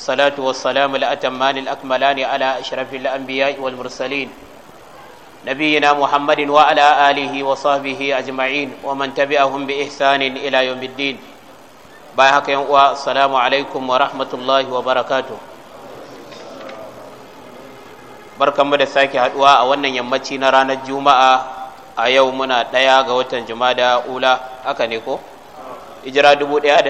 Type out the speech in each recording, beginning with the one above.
والصلاة والسلام الأتمان الأكملان على أشرف الأنبياء والمرسلين نبينا محمد وعلى آله وصحبه أجمعين ومن تبعهم بإحسان إلى يوم الدين بايحك يوم السلام عليكم ورحمة الله وبركاته barkanmu da sake haduwa a wannan yammaci na ranar juma'a a yau muna ɗaya ga watan jumada ula haka ne ko hijira 1436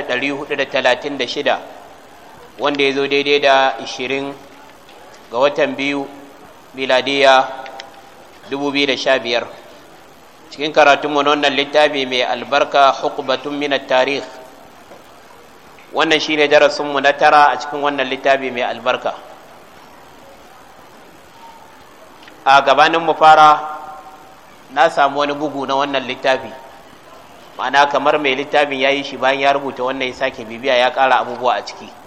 wanda ya zo daidai da 20 ga watan biyu miladiya 2015 cikin karatunmu na wannan littafi mai albarka hukubatun minar tarih wannan shi ne darasinmu na tara a cikin wannan littafi mai albarka a gabaninmu fara na samu wani bugu na wannan littafi ma'ana kamar mai littafin ya yi shi bayan ya rubuta wannan ya sake bibiya ya ƙara abubuwa a ciki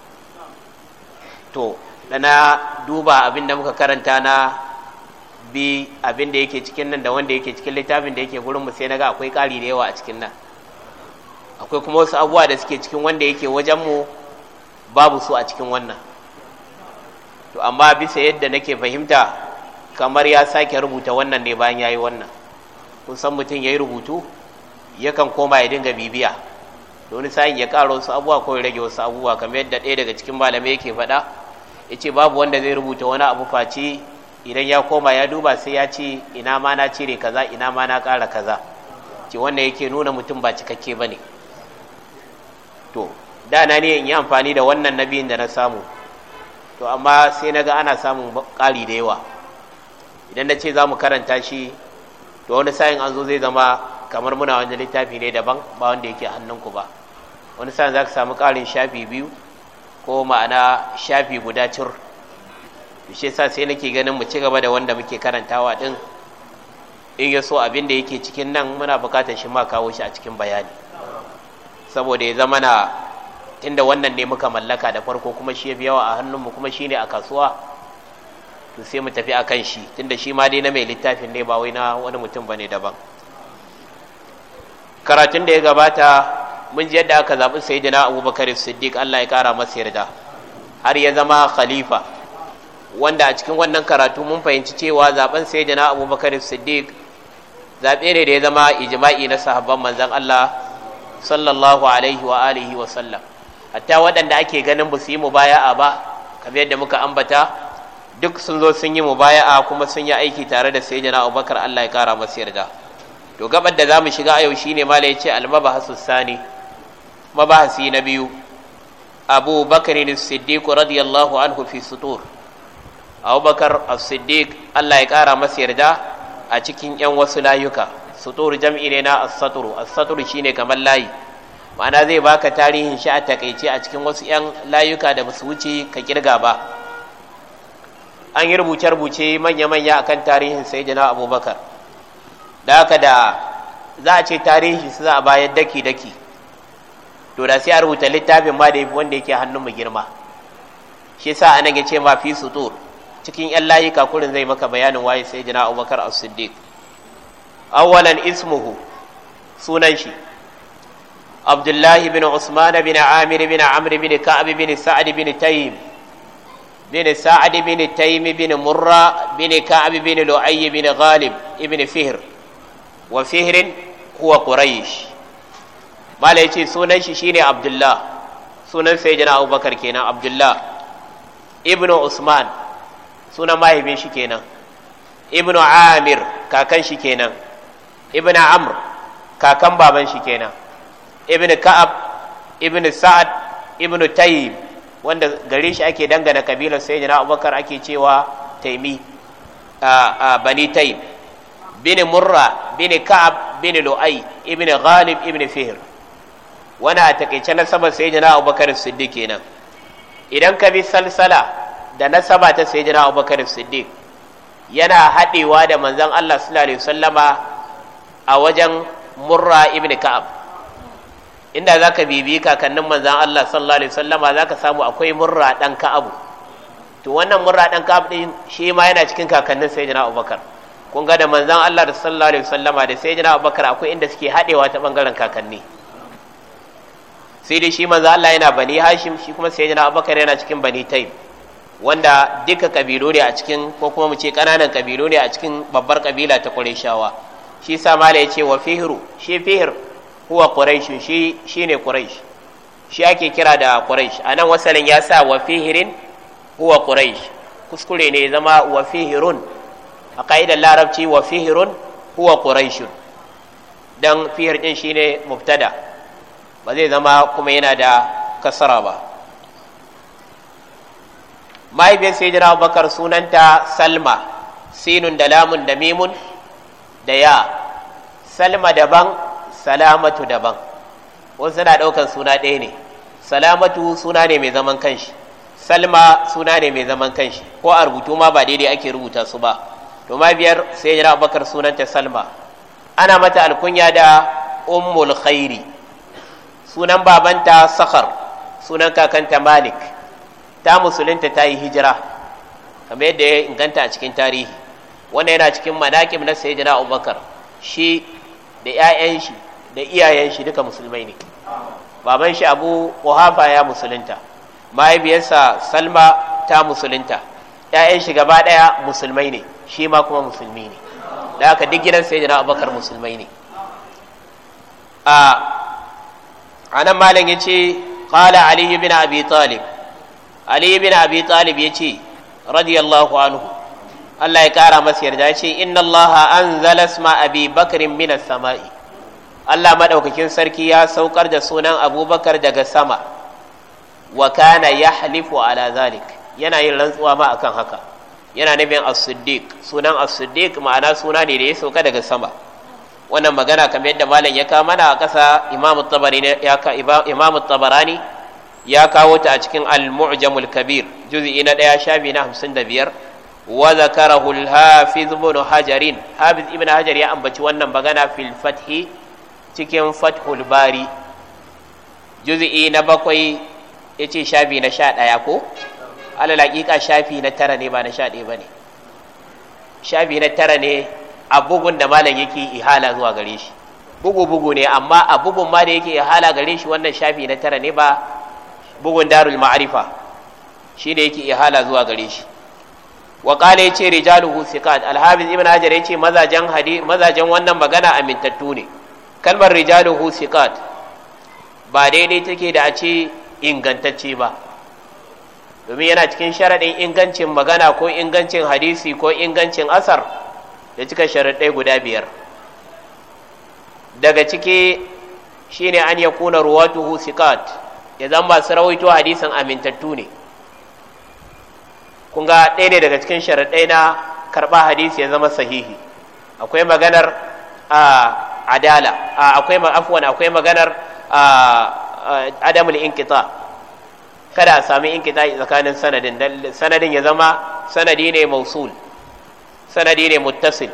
to na duba abin da muka karanta na bi abin da yake cikin nan da wanda yake cikin littafin da yake gurinmu sai na ga akwai ƙari da yawa a cikin nan akwai kuma wasu abubuwa da suke cikin wanda yake wajenmu babu su a cikin wannan to amma bisa yadda nake fahimta kamar ya sake rubuta wannan ne bayan ya yi wannan kun san mutum ya yi rubutu yakan koma ya dinga bibiya da wani sa'in ya ƙara wasu abubuwa ko ya rage wasu abubuwa kamar yadda ɗaya daga cikin malamai yake faɗa ya ce babu wanda zai rubuta wani abu face idan ya koma ya duba sai ya ce ina ma na cire kaza ina ma na ƙara kaza ce wanda yake nuna mutum ba cikakke ba ne to da na ne in yi amfani da wannan nabiyin da na samu to amma sai na ga ana samun ƙari da yawa idan na ce za mu karanta shi to wani sa'in an zo zai zama kamar muna wani littafi ne daban ba wanda yake hannunku ba wani sa'in za ka samu ƙarin shafi biyu ko ma'ana shafi guda cur shi sa sai nake ganin mu ci gaba da wanda muke karantawa din in ya so abin da yake cikin nan muna bukatar shi ma kawo shi a cikin bayani saboda ya zama na tunda wannan ne muka mallaka da farko kuma shi ya fi yawa a hannunmu kuma shi ne a kasuwa to sai mu tafi a kan shi tunda shi ma dai na mai littafin ne ba wai na wani mutum bane daban karatun da ya gabata mun ji yadda aka zaɓi sayyidina abubakar siddiq allah ya ƙara masa yarda har ya zama khalifa wanda a cikin wannan karatu mun fahimci cewa zaɓen sayyidina abubakar siddiq zaɓe ne da ya zama ijma'i na sahabban manzan allah sallallahu alaihi wa alihi wa sallam hatta waɗanda ake ganin ba su yi a ba kamar yadda muka ambata duk sun zo sun yi a kuma sun yi aiki tare da sayyidina Abubakar Allah ya kara masa yarda to gabar da za mu shiga a yau shine mala yace almabahasus sani mabahasi na biyu abu bakarin siddiq radiyallahu anhu fi sutur Abu abubakar siddiq allah ya kara masa yarda a cikin yan wasu layuka sutur jam'i ne na as-saturu as-saturu shine kamar layi ma'ana zai baka tarihin shi a takaice a cikin wasu yan layuka da basu wuce ka kirga ba an yi rubuce-rubuce manya-manya akan tarihin sayyidina abubakar da haka da za a ce tarihi su za a bayar daki-daki to da sai a rubuta littafin ma da yafi wanda yake hannunmu girma shi yasa anan ya ce ma fi sutur cikin yan layuka kurin zai maka bayanin waye sai jina abubakar as-siddiq awwalan ismuhu sunan shi abdullahi bin usman bin amir bin amr bin ka'ab bin sa'ad bin tayyib bin sa'ad bin tayyib bin murra bin ka'ab bin lu'ay bin ghalib ibn fihr wa fihr huwa quraish mala ya ce sunan shi shine abdullah sunan sai jana abubakar kenan abdullah ibnu usman sunan mahaifin shi kenan ibnu amir kakan shi kenan ibnu amr kakan baban shi kenan ibnu ka'ab ibnu sa'ad ibnu tayyib wanda gare shi ake dangana kabilar sayyidina abubakar ake cewa taimi a bani taim bin murra bin ka'ab bin lu'ai ibnu ghalib ibnu fihr wani a takaice nasabar sayyidina abubakar siddiq kenan idan ka bi salsala da nasaba ta sai sayyidina abubakar siddiq yana haɗewa da manzan Allah sallallahu alaihi Sallama a wajen murra ibn ka'ab inda za ka bibi kakannin manzan Allah sallallahu alaihi za ka samu akwai murra ɗan ka'abu to wannan murra ɗan ka'ab ɗin shi ma yana cikin kakannin sayyidina abubakar kun ga da manzan Allah sallallahu alaihi Sallama da jina abubakar akwai inda suke haɗewa ta ɓangaren kakanni sai dai shi manzo Allah yana bani Hashim shi kuma sayyidina Abubakar yana cikin bani Taim wanda duka kabilu ne a cikin ko kuma mu ce kananan kabilu ne a cikin babbar kabila ta Qurayshawa shi sa mala yace wa fihru shi fihr huwa Quraysh shi shine Quraysh shi ake kira da Quraysh anan wasalin ya sa wa fihrin huwa Quraysh kuskure ne zama wa fihrun a ka'idar larabci wa fihrun huwa Quraysh dan fihr din shine mubtada' ba zai zama kuma yana da kasara ba mahaifiyar sai jira bakar sunanta salma sinun da lamun da mimun da ya salma daban salamatu daban wasu suna ɗaukan suna ɗaya ne salamatu suna ne mai zaman kanshi salma suna ne mai zaman kanshi ko a rubutu ma ba daidai ake rubuta su ba to mahaifiyar sai jira bakar sunanta salma ana mata alkunya da ummul khairi sunan babanta sakhar sunan kakanta malik ta musulunta ta yi hijira kamar yadda ya inganta a cikin tarihi wanda yana cikin manaƙib na sayyidina abubakar shi da 'ya'yan shi da iyayen shi duka musulmai ne baban shi abu kuhafa ya musulunta mahaifiyarsa salma ta musulunta 'ya'yan shi gaba ɗaya musulmai ne shi ma kuma musulmi ne da haka duk gidan sayyidina abubakar musulmai ne a anan malam ya ce qala ali ibn abi talib Aliyu bin abi talib ya ce radiyallahu anhu Allah ya kara masa yarda ya ce inna allaha anzala isma abi bakrin minas sama'i Allah maɗaukakin sarki ya saukar da sunan abubakar daga sama wa kana yahlifu ala zalik yana yin rantsuwa ma akan haka yana nufin as-siddiq sunan as-siddiq ma'ana suna ne da ya sauka daga sama wannan magana kamar yadda malam ya kawo mana a ƙasa imamu tabarani ya ya kawo ta a cikin al-mu'jamul kabir juzi'i na ɗaya shafi na hamsin 55 wa zakarahu al-hafiz ibn hajarin hafiz ibn hajar ya ambaci wannan magana fil fathi cikin fathul bari juzi'i na bakwai ya ce shafi na 11 ko alal haqiqa shafi na tara ne ba na ba ne? shafi na tara ne a bugun da malam yake ihala zuwa gare shi bugu bugu ne amma a bugun ma da yake ihala gare shi wannan shafi na tara ne ba bugun darul ma'arifa shi da yake ihala zuwa gare shi wa qala yace rijaluhu thiqat al ibn hajar yace mazajen mazajen wannan magana amintattu ne kalmar rijaluhu thiqat ba daidai take da a ce ingantacce ba domin yana cikin sharaɗin ingancin magana ko ingancin hadisi ko ingancin asar da cika sharaɗai guda biyar daga ciki shine an ya kuna ruwatuhu sikat ya zama masu rawaito hadisin amintattu ne kun ga ɗaya ne daga cikin sharaɗai na karɓa hadisi ya zama sahihi akwai maganar adala akwai afwan akwai maganar adamul inkita kada a sami inkita tsakanin sanadin sanadin ya zama sanadi ne mausul sanadi ne muttasil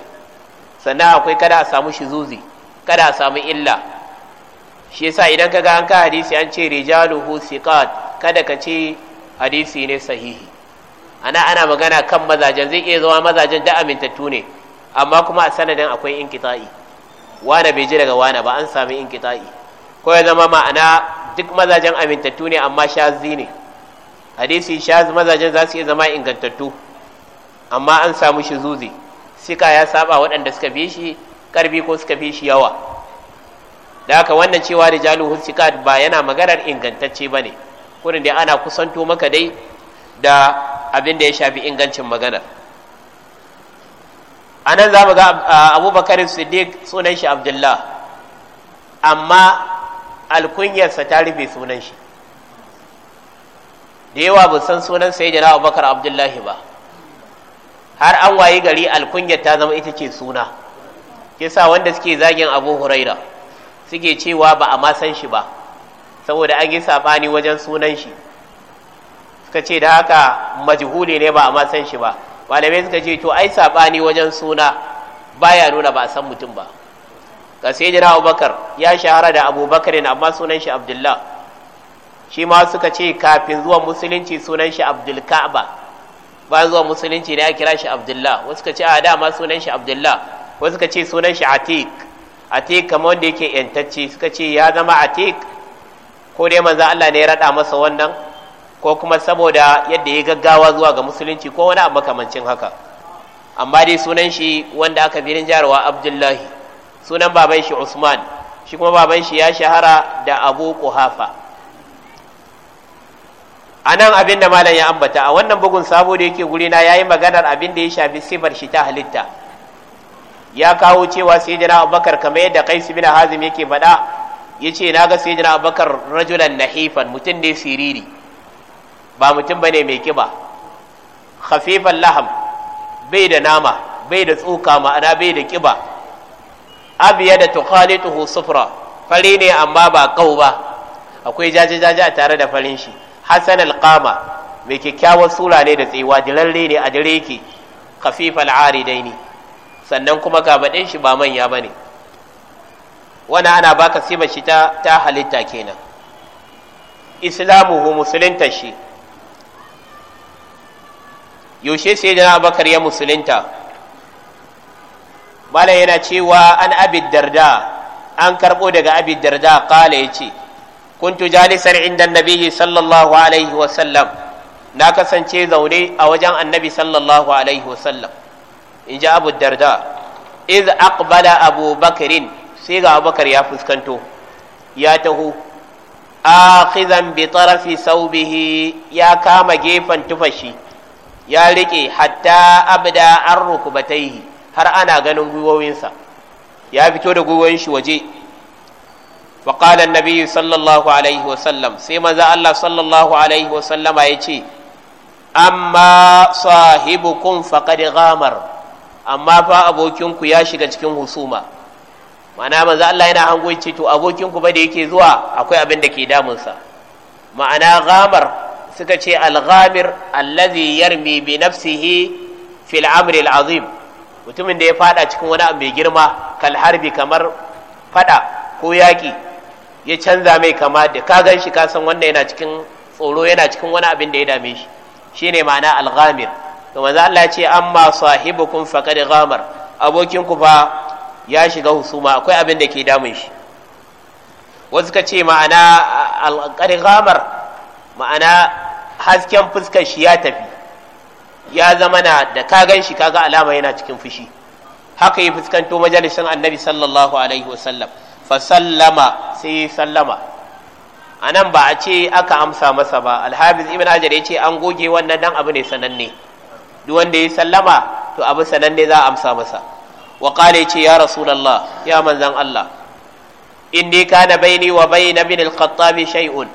sannan akwai kada a samu shizuzi kada a samu illa shi yasa idan kaga an ka hadisi an ce rijaluhu siqat kada ka ce hadisi ne sahihi ana ana magana kan mazajen zai iya zama mazajen da amintattu ne amma kuma a sanadin akwai inqita'i wane bai ji daga wane ba an sami inqita'i ko ya zama ma'ana duk mazajen amintattu ne amma shazi ne hadisi shazi mazajen za su iya zama ingantattu amma an samu shi zuzi sika ya saba waɗanda suka fi shi karbi ko suka fi shi yawa da haka wannan cewa da jalu sika ba yana maganar ingantacce ba ne kurin da ana kusanto maka dai da abin da ya shafi ingancin maganar a nan za mu ga abubakar siddiq sunan shi abdullah amma alkunyarsa ta rufe sunan shi da yawa ba san sunan sai jana abubakar abdullahi ba har an wayi gari alkunyar ta zama ita ce suna kisa wanda suke zagin abu huraira suke cewa ba a ma san shi ba saboda an yi sabani wajen sunan shi suka ce da haka majhuli ne ba a ma shi ba malamai suka ce to ai sabani wajen suna baya nuna ba a san mutum ba ga sai jira abubakar ya shahara da abubakar ne amma sunan shi abdullah shi ma suka ce kafin zuwan musulunci sunan shi abdul ka'ba ba zuwa musulunci ne ya kira shi abdullah wasu ka ce a dama sunan shi abdullah wasu ka ce sunan shi atik atik kamar wanda yake yantacce suka ce ya zama atik ko dai manzan Allah ne ya raɗa masa wannan ko kuma saboda yadda ya gaggawa zuwa ga musulunci ko wani abu makamancin haka amma dai sunan shi wanda aka fi jarawa abdullahi sunan baban shi usman shi kuma baban shi ya shahara da abu kuhafa a nan abin da malam ya ambata a wannan bugun sabo da yake guri ya yi maganar abin da ya shafi sifar shi ta halitta ya kawo cewa sayyidina abubakar kamar yadda su bin hazim yake faɗa yace na ga sayyidina abubakar rajulan nahifan mutum ne siriri ba mutum bane mai kiba khafifan laham bai da nama bai da tsoka ma'ana bai da kiba abiya da tukhalituhu sufra fari ne amma ba kau ba akwai jaje jaje a tare da farin shi hasan alqama mai kyakkyawar sura ne da tsewa. dilalle ne a dare yake khafifal ne sannan kuma gabaɗin shi ba manya bane wannan ana baka sima shi ta ta halitta kenan islamuhu musulunta shi yaushe sai da abakar ya musulunta malam yana cewa an abid darda an karɓo daga abid darda kala ya ce kuntu jalisan inda nabi sallallahu alaihi wasallam na kasance zaune a wajen annabi sallallahu alaihi wasallam in ji abu darda iz aqbala abu bakarin sai ga abubakar ya fuskanto ya taho akhizan bi sau saubihi ya kama gefen tufashi ya rike hatta abda an rukubataihi har ana ganin gwiwowinsa ya fito da gwiwoyin shi waje wa Nabiyyu sallallahu alaihi wa sallam sai maza Allah sallallahu alaihi wa sallama yace amma sahibukum faqad ghamar amma fa abokinku ya shiga cikin husuma ma'ana maza Allah yana hango yace to abokinku ba da yake zuwa akwai abin da ke damunsa ma'ana ghamar suka ce al-ghamir allazi yarmi bi nafsihi fil amri al-azim mutumin da ya fada cikin wani abu mai girma kan harbi kamar fada ko yaki ya canza mai kama da ka gan shi kasan wanda yana cikin tsoro yana cikin wani abin da ya dame shi Shi ne ma'ana alghamir to manzo Allah ya ce amma sahibukum faqad ghamar abokin ku fa ya shiga husuma akwai abin da ke damun shi wasu ka ce ma'ana alqari ghamar ma'ana hasken fuskar shi ya tafi ya zama na da ka gan shi kaga alama yana cikin fushi haka yi fuskanto majalisin annabi sallallahu alaihi wasallam fa sallama yi sallama anan ba a ce aka amsa masa ba alhabiz ibn hajar ya ce an goge wannan dan abu ne sananne duk wanda ya sallama to abu sananne za a amsa masa wa qala ce ya rasulullah ya manzan Allah inni na baini wa baina bin al-khattab shay'un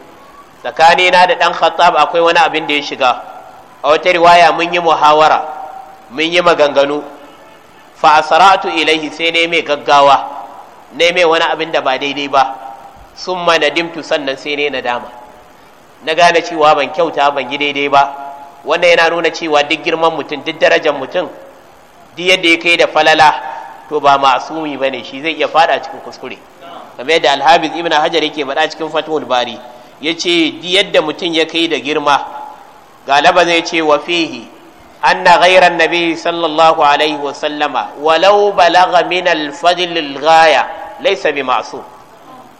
tsakani na da dan khattab akwai wani abin da ya shiga a wata riwaya mun yi muhawara mun yi maganganu fa asra'tu ilaihi sai ne mai gaggawa na mai wani abin da ba daidai ba sun ma nadimtu sannan sai ne nadama na gane cewa ban kyauta ban yi daidai ba wannan yana nuna cewa duk girman mutum duk darajar mutum duk yadda ya kai da falala to ba ba ne, shi zai iya fada cikin kuskure kamar yadda alhabiz ibn hajar yake faɗa cikin fatul bari yace duk yadda mutum ya kai da girma galaba zai ce wa fihi anna ghayra annabi sallallahu alaihi wa sallama walau balagha min al-fadl al-ghaya laisa bi masu.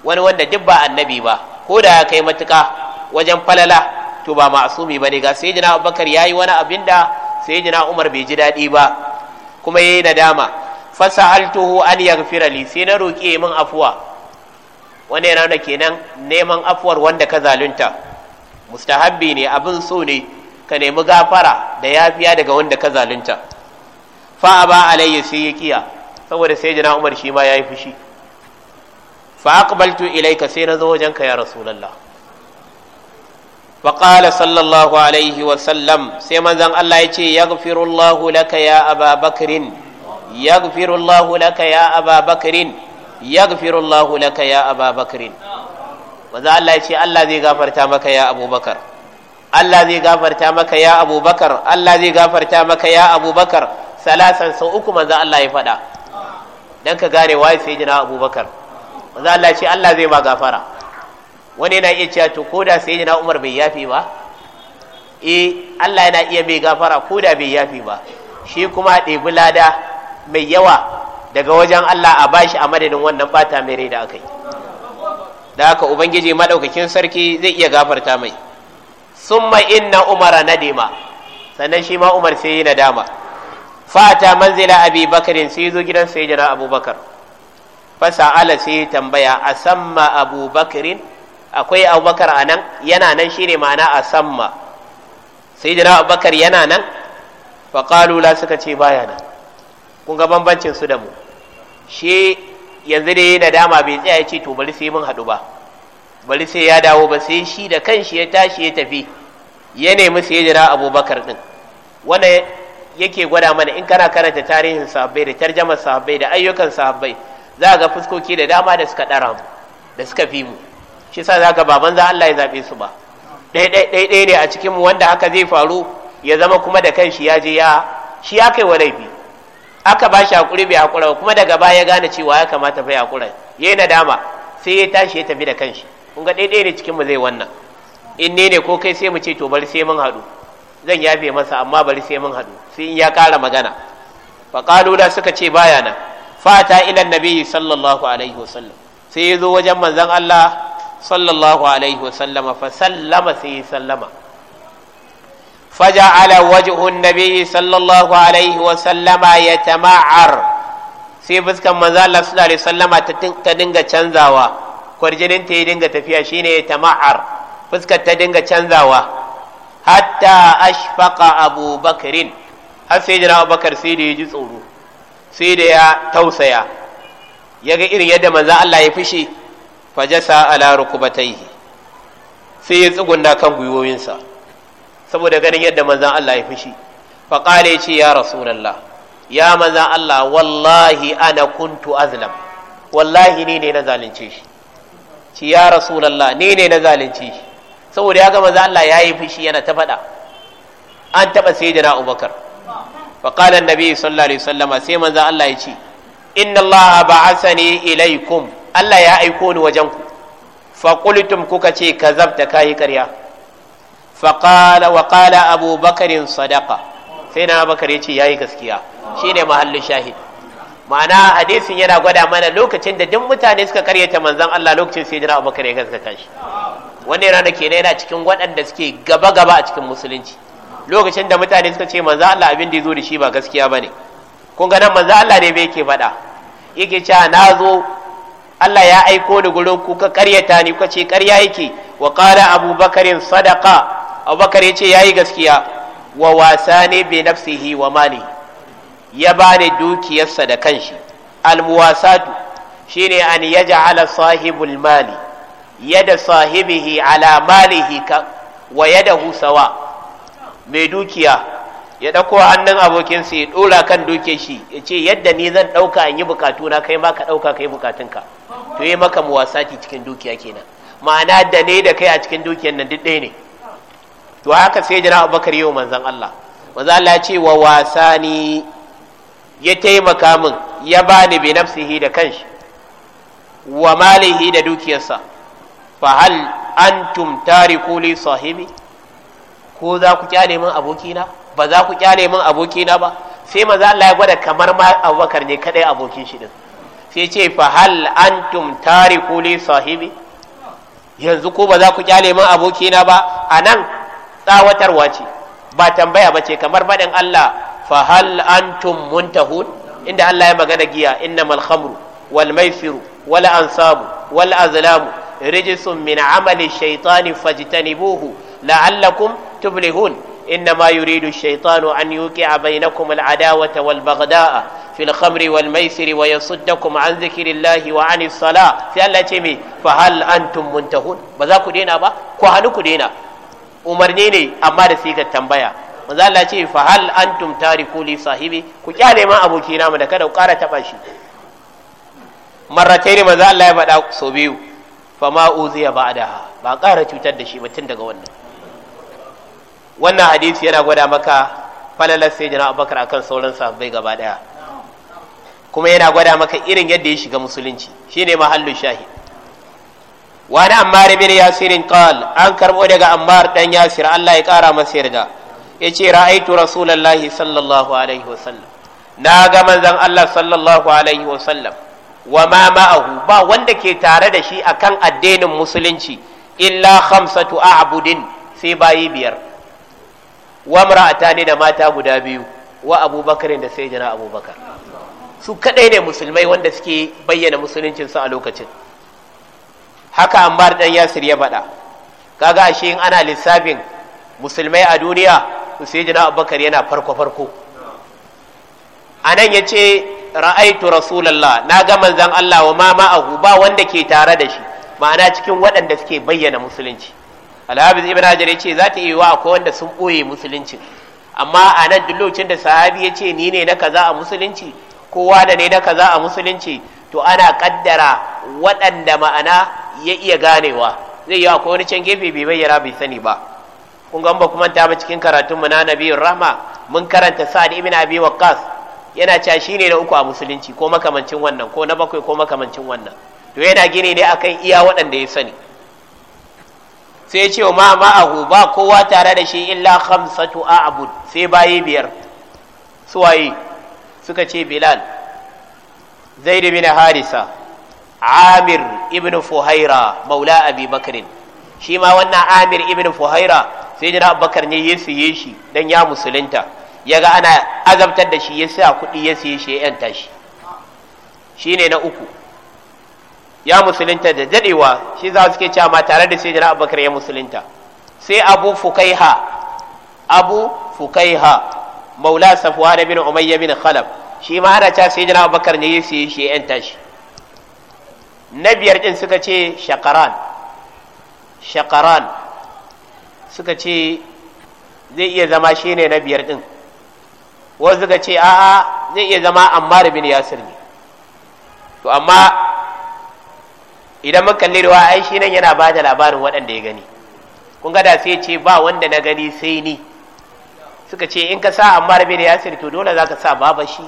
wani wanda duk ba annabi ba ko da ya kai matuka wajen falala to ba ma'sumi bane ga sayyidina Abubakar yayi wani abin da sayyidina Umar bai ji daɗi ba kuma yayi nadama fasaltuhu an yaghfira li sai na roƙi min afuwa Wani yana da kenan neman afuwar wanda ka zalunta mustahabbi ne abin so ne ka nemi gafara da yafiya daga wanda ka zalunta fa aba alayhi sai ya kiya saboda sayyidina Umar shi ma ya yi fushi fa aqbaltu ilayka sai na zo wajen ka ya rasulullah wa qala sallallahu alaihi wa sallam sai manzon Allah ya ce yaghfirullahu laka ya aba bakrin yaghfirullahu laka ya aba bakrin yaghfirullahu laka ya aba bakrin manzon Allah ya ce Allah zai gafarta maka ya abubakar Allah zai gafarta maka ya abubakar Allah zai gafarta maka ya abubakar salasan sau uku manzo Allah ya faɗa dan ka gane waye sai jina abubakar za Allah ce Allah zai ma gafara wani yana iya cewa to ko da sai na Umar bai yafi ba eh Allah yana iya mai gafara ko da bai yafi ba shi kuma ɗebi lada mai yawa daga wajen Allah a bashi a madadin wannan bata mai rai da aka yi da haka ubangiji madaukakin sarki zai iya gafarta mai summa inna umara nadima sannan shi ma umar sai yi nadama fata manzila abi bakarin sai zo gidan sai jira abubakar fasa'ala sai tambaya a samma abubakarin akwai abubakar a nan yana nan shi ne ma'ana a samma sai jina abubakar yana nan faƙalula suka ce baya nan kun ga bambancin su da mu shi yanzu dai da nadama bai tsaya ya ce to bari sai mun haɗu ba bari sai ya dawo ba sai shi da kanshi ya tashi ya tafi ya nemi sai jira abubakar ɗin wanda yake gwada mana in kana karanta tarihin sahabbai da tarjamar sahabbai da ayyukan sahabbai za ga fuskoki da dama da suka ɗara mu da suka fi mu shi sa za ga ban za Allah ya zaɓe su ba Ɗai-ɗai ne a cikinmu wanda haka zai faru ya zama kuma da kanshi ya je ya shi ya kai wa laifi aka ba shi haƙuri bai haƙura kuma daga baya ya gane cewa ya kamata bai haƙura ya yi nadama sai ya tashi ya tafi da kanshi kun ga ɗaiɗai ne mu zai wannan in ne ne ko kai sai mu ce to bari sai mun haɗu zan yafe masa amma bari sai mun haɗu sai in ya ƙara magana ƙalula suka ce baya nan fata ila nabi sallallahu alaihi wasallam sai ya zo wajen manzon Allah sallallahu alaihi wasallama fa sallama sai ya sallama faja'ala wajhu nabi sallallahu alaihi wasallama yatama'ar sai fuskan manzon Allah sallallahu alaihi wasallama ta dinga canzawa kwarjinin ta dinga tafiya shine yatama'ar fuskar ta dinga canzawa hatta ashfaqa abubakarin har sai jira abubakar sai da ya ji tsoro sai da ya tausaya ya ga irin yadda manzan Allah ya fushi fajasa ala rukubataihi sai ya tsugunna kan gwiwoyinsa saboda ganin yadda manzan Allah ya fushi faƙale ya ce ya rasulallah ya manzan Allah wallahi ana kuntu azlam wallahi ni ne na zalunce shi ci ya rasulallah ni ne na zalunce shi saboda ya ga manzan Allah ya yi fushi yana ta faɗa an taɓa sai da na abubakar fa qala annabi sallallahu alaihi sai manzo Allah ya ce inna Allah ba'asani ilaikum Allah ya aiko ni wajen ku fa kuka ce kazabta kai karya fa qala wa Abu Bakarin sadaqa sai na Bakar ya ce yayi gaskiya shine mahallin shahid ma'ana hadisin yana gwada mana lokacin da duk mutane suka karyata manzan Allah lokacin sai jira Abubakar ya gaskata shi wannan yana kenan yana cikin waɗanda suke gaba gaba a cikin musulunci lokacin da mutane suka ce manzo Allah abin da ya zo da shi ba gaskiya bane kun ga nan manzo Allah ne bai ke faɗa yake na zo Allah ya aiko ni gurin ku ka karyata ni kuka ce karya yake wa qala abubakarin sadaqa Bakar yace yayi gaskiya wa wasani bi nafsihi wa mali ya bani dukiyarsa da kanshi almuwasatu shine an yaj'ala sahibul mali yada sahibihi ala malihi ka wa yadahu sawa' mai dukiya ya ɗauko hannun abokinsa ya ɗora kan duke shi ya ce yadda ni zan ɗauka in yi bukatuna kai ma ka ɗauka kai bukatunka to yi maka muwasati cikin dukiya kenan ma'ana da ne da kai a cikin dukiyan nan duk ɗaya ne to haka sai jira abubakar yau manzan Allah manzan Allah ya ce wa wasa ni ya taimaka min ya bani bi nafsihi da kanshi wa malihi da dukiyarsa fa hal antum tariku li sahibi ko za ku kyale min abokina ba za ku kyale min abokina ba sai maza Allah ya gwada kamar ma abubakar ne kadai abokin shi din sai ce fa hal antum tariku li sahibi yanzu ko ba za ku kyale min abokina ba anan tsawatarwa ce ba tambaya ba ce kamar faɗin Allah fa hal antum muntahun inda Allah ya magana giya innamal khamru wal maisiru wal ansabu wal azlamu rijsun min amali shaytani fajtanibuhu la'allakum تفلحون إنما يريد الشيطان أن يوقع بينكم العداوة والبغداء في الخمر والميسر ويصدكم عن ذكر الله وعن الصلاة سألتمي فهل أنتم منتهون ba دينا با ku دينا umarni ne amma da sigar tambaya manzo Allah ce fa hal antum tariku li sahibi ku kyale ma abokina mu da kada ku ƙara taba shi ne manzo ya bada so biyu fa ma uziya ba ƙara cutar da shi ba tun daga wannan wannan hadisi yana gwada maka falalar sai jana abubakar akan sauran sahabbai gaba daya kuma yana gwada maka irin yadda ya shiga musulunci shine mahallin shahid wani ammar bin yasirin qal an karbo daga ammar dan yasir Allah ya kara masa yarda yace ra'aitu rasulullahi sallallahu alaihi wasallam na ga manzon Allah sallallahu alaihi wasallam wa ma ma'ahu ba wanda ke tare da shi akan addinin musulunci illa khamsatu a'budin sai bayi biyar wa mara'atani da mata guda biyu wa abubakar da sai jana abubakar su kadai ne musulmai wanda suke bayyana musuluncinsu a lokacin haka ammar dan yasir ya bada kaga ashe in ana lissafin musulmai a duniya sai jana abubakar yana farko farko anan yace ra'aitu rasulullah na ga manzan allah wa ma ma'ahu ba wanda ke tare da shi ma'ana cikin waɗanda suke bayyana musulunci alhabiz ibn hajar ya ce za ta iya wa akwai wanda sun ɓoye musulunci. amma a nan duk lokacin da sahabi ya ce ni ne na kaza a musulunci kowa da ne na kaza a musulunci to ana kaddara waɗanda ma'ana ya iya ganewa zai yi akwai wani can gefe bai bayyana bai sani ba kun ga ba kuma ba cikin karatun mu na nabiyur rahma mun karanta sa'ad ibn abi waqqas yana cewa ne na uku a musulunci ko makamancin wannan ko na bakwai ko makamancin wannan to yana gine-gine ne akan iya waɗanda ya sani sai ya ce wa ma ma'ahu ba kowa tare da shi illa khamsatu a'bud sai bayi biyar suwaye suka ce bilal zaid bin harisa amir ibn fuhaira maula abi bakrin shi ma wannan amir ibn fuhaira sai jira bakar ne ya siye shi dan ya musulunta ya ga ana azabtar da shi yasa sa kuɗi ya siye shi ya yanta shi ne na uku ya musulunta da dadewa shi za su ke cewa ma tare da sai abubakar ya musulunta sai abu fukaiha abu fukaiha maula da bin umayya bin khalaf shi ma ana cewa sai abubakar ne ya yi shi yan tashi na biyar din suka ce shakaran shakaran suka ce zai iya zama shi ne na biyar din wasu suka ce a'a zai iya zama ammar bin yasir ne to amma idan mun kalli ruwa ai shi nan yana ba da labarin waɗanda ya gani kun ga sai ce ba wanda na gani sai ni suka ce in ka sa amma rabe da yasir to dole zaka sa baban shi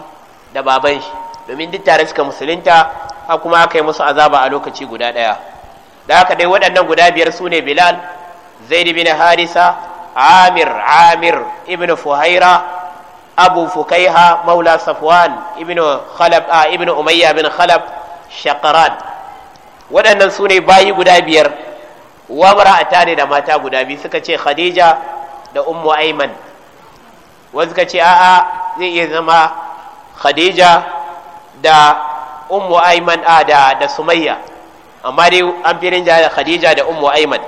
da baban shi domin duk tare suka musulunta a kuma aka yi musu azaba a lokaci guda ɗaya da haka dai waɗannan guda biyar su ne bilal zaid bin harisa amir amir ibn fuhaira abu fukaiha maula safwan ibn khalab ah, umayya bin khalab shaqran waɗannan su ne bayi guda biyar wa a tare da mata guda biyu suka ce khadija da ummu aiman wasu suka ce a'a zai iya zama khadija da ummu aiman a da da sumayya amma dai an firin da khadija da ummu aiman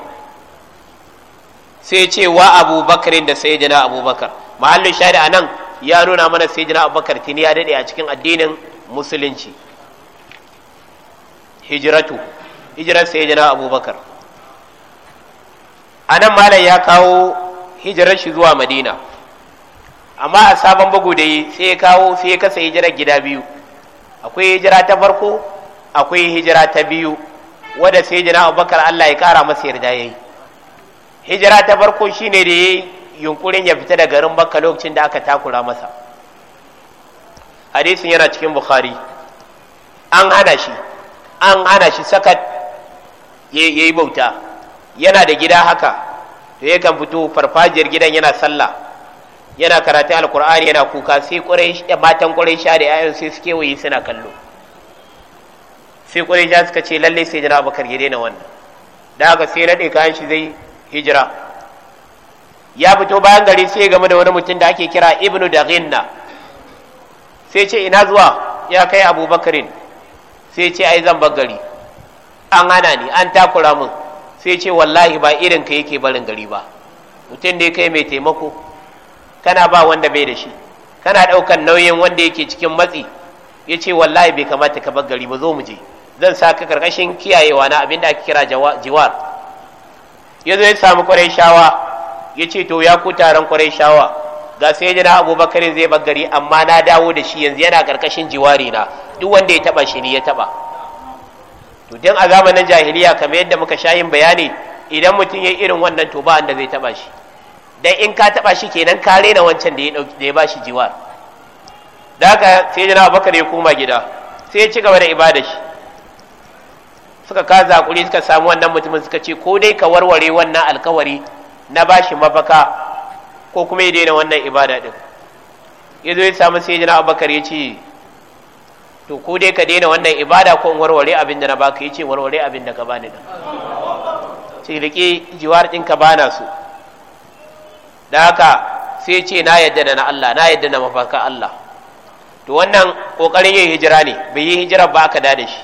sai ce wa abubakarin da sai jina abubakar mahallin shari'a nan ya nuna mana sai jina abubakar tini ya daɗe a cikin addinin musulunci hijratu hijirar sayyidina abubakar anan malam ya kawo hijirar shi zuwa madina amma a sabon bugu da yi sai ya kawo sai ya kasa hijirar gida biyu akwai hijira ta farko akwai hijira ta biyu wadda sayyidina abubakar Allah ya kara masa yarda yayi hijira ta farko shine da yi yunkurin ya fita da garin bakka lokacin da aka takura masa hadisin yana cikin bukhari an hana shi an hana shi sakat ya yi bauta yana da gida haka to ya kan fito farfajiyar gidan yana sallah yana karatu alkur'ani yana kuka sai matan sha da 'ya'yan sai su kewaye suna kallo sai ƙwarai sha suka ce lalle sai jira bakar ya daina wannan da haka sai naɗe kayan shi zai hijira ya fito bayan gari sai game da wani mutum da ake kira ibnu da sai ce ina zuwa ya kai abubakarin sai ce ai zan bar gari an hana ni an takura min sai ce wallahi ba irin ka yake barin gari ba mutum da kai mai taimako kana ba wanda bai da shi kana ɗaukan nauyin wanda yake cikin matsi ya ce wallahi bai kamata ka bar gari ba zo mu je zan sa ka karkashin kiyayewa na abin da ake kira jiwar ya zo ya samu kwarai shawa ya ce to ya ku taron kwarai shawa ga sai sayyidina abubakar zai bar gari amma na dawo da shi yanzu yana karkashin jiwari na duk wanda ya taba shi ne ya taba to dan a zamanin jahiliya kamar yadda muka sha yin bayani idan mutum ya irin wannan to ba wanda zai taba shi dan in ka taba shi kenan ka rena wancan da ya dauki da ya bashi jiwar da sai sayyidina abubakar ya koma gida sai ya ci gaba da ibada shi suka ka hakuri suka samu wannan mutumin suka ce ko dai ka warware wannan alkawari na bashi mafaka ko kuma ya daina wannan ibada din ya zo ya samu sai jina abubakar ya ce to ko dai ka daina wannan ibada ko in warware abin da na baka ya ce warware abin da ka bani din ce riƙe jiwar ɗinka bana su. da haka sai ce na yadda na Allah na yadda na mafaka Allah to wannan kokarin yin hijira ne bai yi hijira ba aka da shi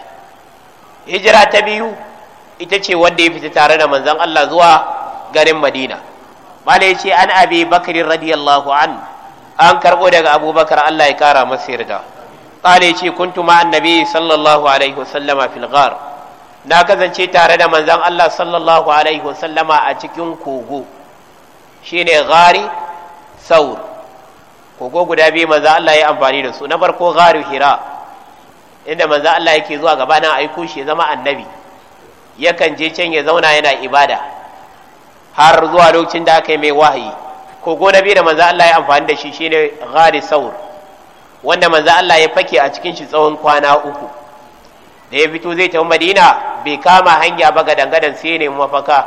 hijira ta biyu ita ce wanda ya fita tare da manzon Allah zuwa garin Madina mala ya ce an abi bakari radiyallahu an an karɓo daga abubakar allah ya kara masu yarda ƙala ya ce kun tuma annabi sallallahu alaihi wasallama fil ghar na kasance tare da manzon allah sallallahu alaihi wasallama a cikin kogo shine ghari saur kogo guda biyu manzon allah ya amfani da su na farko ghari hira inda manzon allah yake zuwa gabanin aiko shi ya zama annabi yakan je can ya zauna yana ibada har zuwa lokacin da aka yi mai wahayi kogo na biyu da manzo Allah ya amfani da shi shine ghari saur wanda manzo Allah ya fake a cikin shi tsawon kwana uku da ya fito zai tafi Madina bai kama hanya ba ga dangadan sai ne mafaka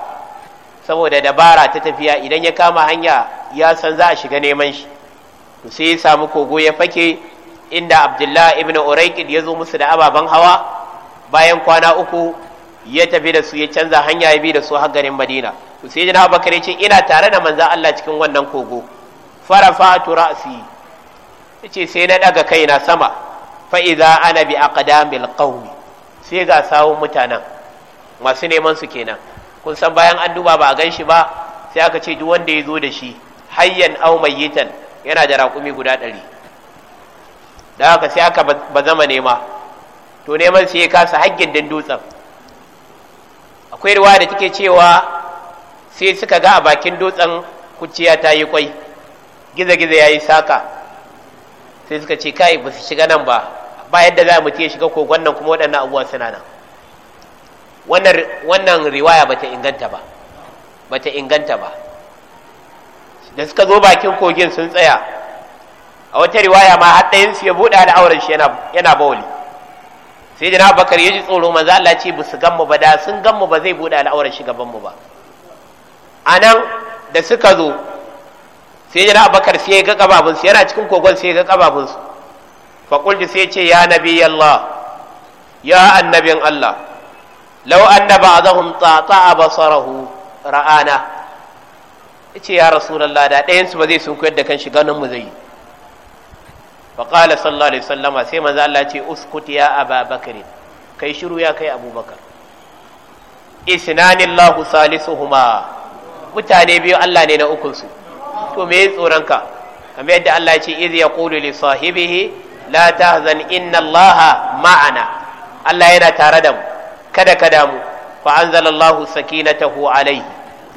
saboda dabara ta tafiya idan ya kama hanya ya san za a shiga neman shi to sai ya samu kogo ya fake inda Abdullah ibn Uraiqid ya zo musu da ababen hawa bayan kwana uku ya tafi da su ya canza hanya ya bi da su har garin Madina sayyidina abubakar ya ce ina tare da manzan Allah cikin wannan kogo farafatu ya ce sai na daga kaina sama Fa'iza ana bi a ƙadamil qaumi sai ga sawun mutanen masu neman su kenan kun san bayan an duba ba a gan shi ba sai aka ce duk wanda ya zo da shi hayyan aw mayyitan yana da raƙumi guda ɗari da haka sai aka ba zama nema to neman sai ya kasa haƙƙin dan akwai ruwa da take cewa sai suka ga a bakin dutsen kuciya ta yi kwai gizo-gizo ya yi saka sai suka ce kai ba su shiga nan ba ba yadda za mu ya shiga kogon nan kuma waɗannan abuwa suna nan wannan riwaya ba ta inganta ba ba ta inganta ba da suka zo bakin kogin sun tsaya a wata riwaya ma har ɗayansu ya buɗe al'auran shi yana bawali sai da na bakar ya ji tsoro maza Allah ce ba su gan mu ba da sun gan mu ba zai buɗe al'auran shi gaban mu ba a nan da suka zo sai jana abakar sai ya ga kababinsu yana cikin kogon sai ya ga kababinsu faƙulti sai ce ya nabi Allah ya annabin Allah lau a anna ba'dahum tata'a basarahu ra'ana ce ya rasulullah da ɗayan su ba zai sunkuyar da kan shiga nan mu zai fa qala sallallahu alaihi sallama sai manzo Allah ce uskut ya ababakar kai shiru ya kai abubakar isnanillahu salisuhuma mutane biyu Allah ne na ukun su to me tsoron ka kamar yadda Allah ya ce iz yaqulu li sahibihi la tahzan inna Allah ma'ana Allah yana tare da mu kada ka damu fa anzalallahu sakinatahu alayhi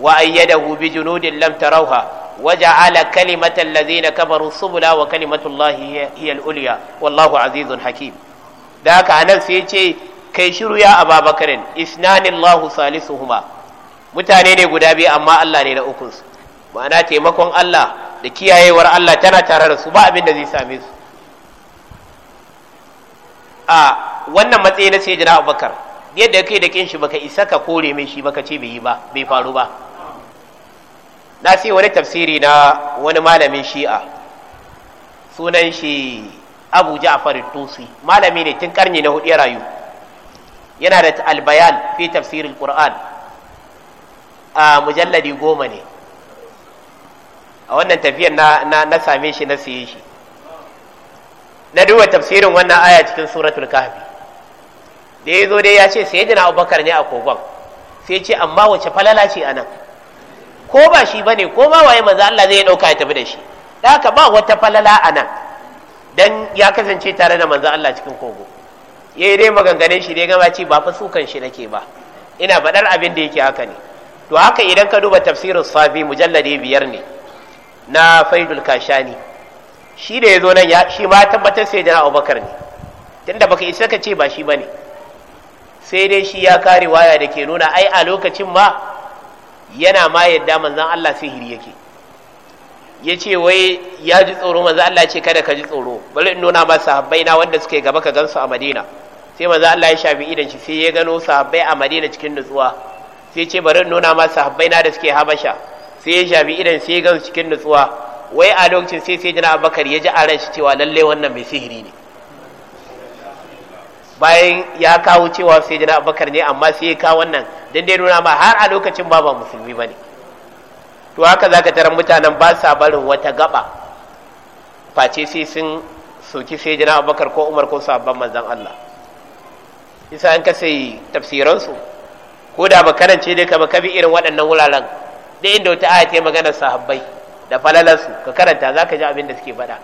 wa ayyadahu bi junudin lam tarawha وجعل كلمة الذين كفروا السبلى وكلمة الله هي العليا والله عزيز حكيم ذاك أنا سيتي كي شرو يا أبا بكر إثنان الله ثالثهما mutane ne guda biyu amma Allah ne na ukunsu ma'ana taimakon Allah da kiyayewar Allah tana tare da su ba abin da zai same su a wannan matsayi na sai jina abubakar yadda kai da kin shi baka isa ka kore mai shi baka ce bai yi ba bai faru ba na sai wani tafsiri na wani malamin shi'a sunan shi abu ja'far tusi malami ne tun karni na hudu ya rayu yana da albayan fi tafsirin qur'an a mujalladi goma ne a wannan tafiyar na same shi na siye shi na duba tafsirin wannan aya cikin suratul kahfi da ya zo dai ya ce sai jina abubakar ne a kogon sai ce amma wace falala ce anan ko ba shi ba ne? ko ba waye maza Allah zai dauka ya tafi da shi da haka ba wata falala a nan dan ya kasance tare da manzo Allah cikin kogo Ya yi dai maganganun shi dai gama ce ba fa sukan shi nake ba ina faɗar abin da yake haka ne to haka idan ka duba tafsirin safi mujallade biyar ne na faidul kashani shi da ya zo nan ya shi ma tabbatar sai da abubakar ne tunda baka isa ka ce ba shi ba ne sai dai shi ya kare waya da ke nuna ai a lokacin ma yana ma yadda manzan allah sihiri yake ya ce wai ya ji tsoro manzan Allah ce kada ka ji tsoro bari in nuna ma sahabbai na wanda suke gaba ka gansu a Madina sai manzan Allah ya shafi idan shi sai ya gano sahabbai a Madina cikin nutsuwa sai ce bari nuna ma sahabbai na da suke habasha sai ya shafi idan sai gan cikin nutsuwa wai a lokacin sai sai jina abakar ya ji a ran shi cewa lallai wannan mai sihiri ne bayan ya kawo cewa sai jina abakar ne amma sai ya kawo wannan don dai nuna ma har a lokacin ba ba musulmi bane to haka za ka tarar mutanen ba sa barin wata gaba face sai sun soki sai jina abakar ko umar ko sabban mazan Allah isa an ka sai tafsiransu ko da ba karance dai ka ba kabi irin waɗannan wuraren duk inda wata aya ta maganar sahabbai da falalansu ka karanta za ka ji abin da suke faɗa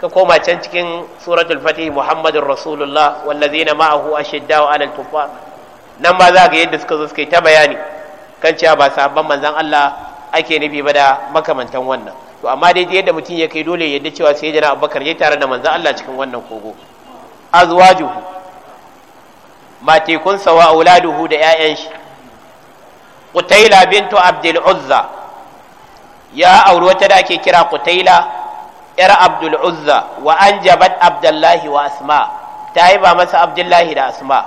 ka koma can cikin suratul fatih muhammadun rasulullah wallazina ma'ahu ashiddau alal tufa nan ma za ka yadda suka zo suka ta bayani kan cewa ba sahabban manzon Allah ake nufi ba da makamantan wannan to amma dai yadda mutum ya kai dole yadda cewa sai jira abubakar ya tare da manzon Allah cikin wannan kogo azwajuhu matekunsa wa auladuhu da 'ya'yan shi Qutaila bintu Abdul Uzza ya auri wata da ake kira Qutaila ‘yar Abdul Uzza wa an jabat Abdullahi wa Asma, ta yi ba masa Abdullahi da Asma.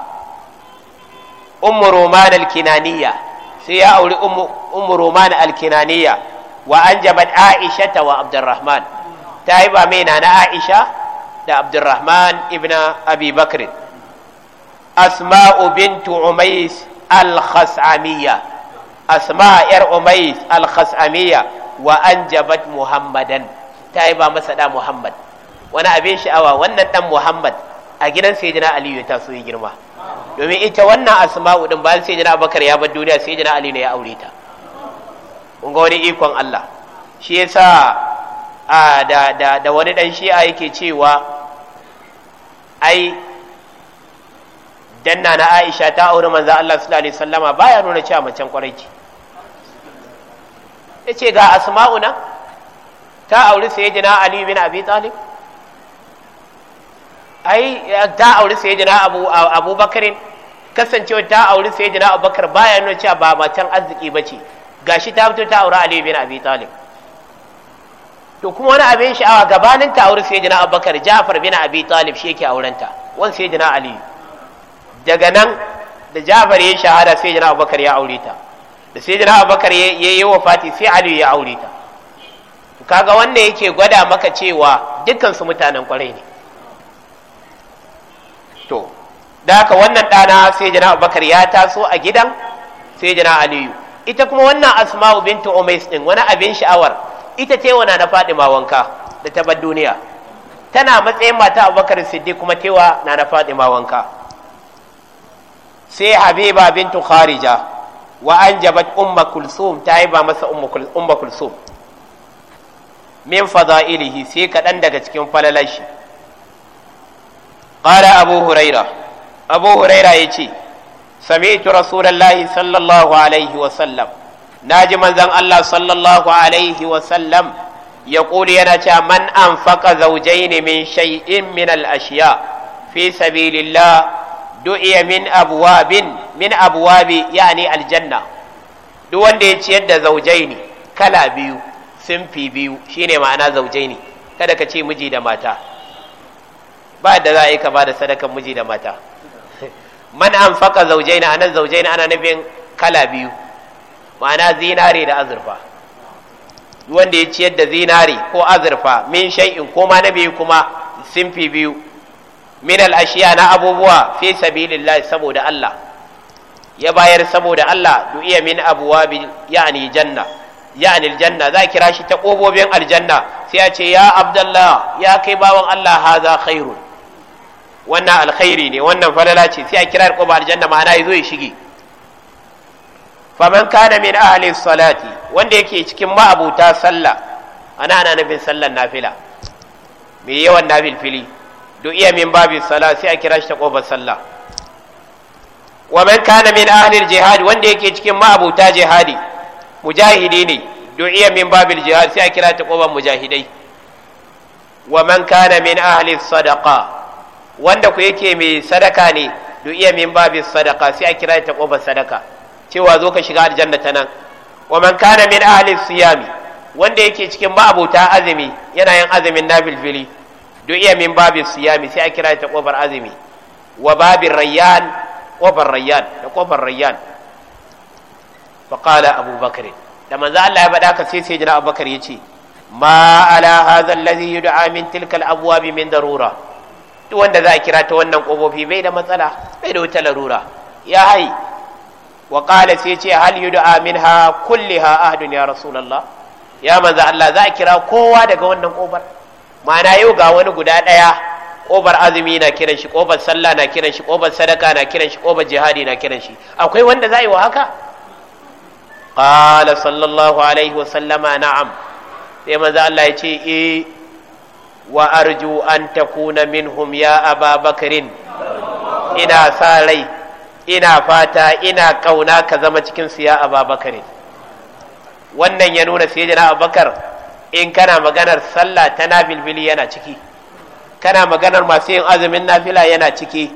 Ummu Roman al-Kinaniya, sai ya auri Ummu Roman al-Kinaniya wa an jabat Aisha ta wa Abdurrahman, ta yi ba mai na Aisha da Abdurrahman ibn Abi Bakrin. asma'u bintu umais al Asma'a yar umais al wa anjabat muhammadan ta yi ba masa da muhammad wani abin sha'awa wannan dan muhammad a gidan sayyidina aliyu ta so yi girma domin ita wannan asma'u ɗin bayan sayyidina abubakar ya bar duniya sayyidina ali ne ya aure ta kun wani ikon Allah shi yasa a da da da wani dan shi'a yake cewa ai dan na Aisha ta aure manzo Allah sallallahu alaihi wasallama baya nuna cewa macen kwarai ce yace ga asma'u nan ta aure sayyidina Ali bin Abi Talib ai ta aure sayyidina Abu Abubakar kasancewa ta aure sayyidina Abubakar baya nuna cewa ba macen arziki bace gashi ta fito ta aure Ali bin Abi Talib to kuma wani abin sha'awa gabanin ta aure sayyidina Abubakar Ja'far bin Abi Talib shi yake aurenta wani sayyidina Ali daga nan da jafar ya shahada sai jana abubakar ya aure ta da sai jana abubakar ya yi Fati sai aliyu ya aure ta kaga wannan yake gwada maka cewa dukkan su mutanen kwarai ne to da haka wannan ɗana sai jana abubakar ya taso a gidan sai jana aliyu ita kuma wannan asma'u bintu umais din wani abin sha'awar ita ce wana na fadima wanka da ta bar duniya tana matsayin mata abubakar siddiq kuma tewa na na fadima wanka sai habiba bintu kharija wa anjabat umma kulsum ta haiba masa umma kulsum min fada'ilihi sai kaɗan daga cikin falalashi ƙara abu huraira abu huraira ya ce sami sami'tu rasulallahi sallallahu alaihi wasallam na ji manzan allah sallallahu alaihi wasallam ya ƙuli yana cewa man an faƙa zaujaini ne min shay'in min al'ashiya fi sabilillah du'iya min abwabin min abwabi yani aljanna duk wanda ya ciyar da zaujaini kala biyu sunfi biyu shine ma'ana zaujaini kada ka ce miji da mata ba da za a yi ka bada sadakan miji da mata man an faka zaujaini anan zaujaini ana nufin kala biyu ma'ana zinare da azurfa duk wanda ya ciyar da zinare ko azurfa min shay'in ko ma na biyu kuma sunfi biyu min al'ashiya na abubuwa fi sabilillah saboda Allah ya bayar saboda Allah du'iya min abuwa bi ya'ni janna ya'ni aljanna za kira shi ta kobobin aljanna sai ya ce ya abdullah ya kai bawan Allah haza khairun wannan alkhairi ne wannan falala ce sai a kira koba aljanna ma'ana yazo ya shige faman kana min ahli salati wanda yake cikin ma'abuta sallah ana ana nufin sallar nafila me yawan na fili duk iya min babi sala sai a kira shi ta kofar sallah wa man kana min ahlil jihad wanda yake cikin ma'abuta jihadi mujahidi ne duk iya min babil jihad sai a kira ta kofar mujahidai wa man kana min ahli sadaqa wanda ku yake mai sadaka ne duk iya min babil sadaqa sai a kira ta kofar sadaka cewa zo ka shiga aljanna ta nan wa man kana min ahli siyami wanda yake cikin ma'abuta azumi yana yin azumin nabil fili duk iya min babin siyami sai a kira ta kofar azumi wa babin rayyan kofar rayyan da kofar rayyan fa qala abu bakr da manzo Allah ya bada ka sai sai jira abubakar yace ma ala hadha alladhi yud'a min tilka al-abwab min darura duk wanda za a kira ta wannan kofofi bai da matsala bai da wata larura ya hai wa qala sai ce hal yud'a minha kulliha ahadun ya rasulullah ya manzo Allah za a kira kowa daga wannan kofar ma'ana yau ga wani guda ɗaya ƙofar azumi na kiran shi ƙofar sallah na kiran shi ƙofar sadaka na kiran shi ƙofar jihadi na kiran shi akwai wanda za yi wa haka qala sallallahu alaihi wa sallama na'am sai manzo Allah ya ce eh wa arju an takuna minhum ya ababakarin ina sa rai ina fata ina kauna ka zama cikin su ya ababakarin wannan ya nuna sayyidina abubakar in kana maganar sallah ta nabilbili yana ciki kana maganar masu yin azumin nafila yana ciki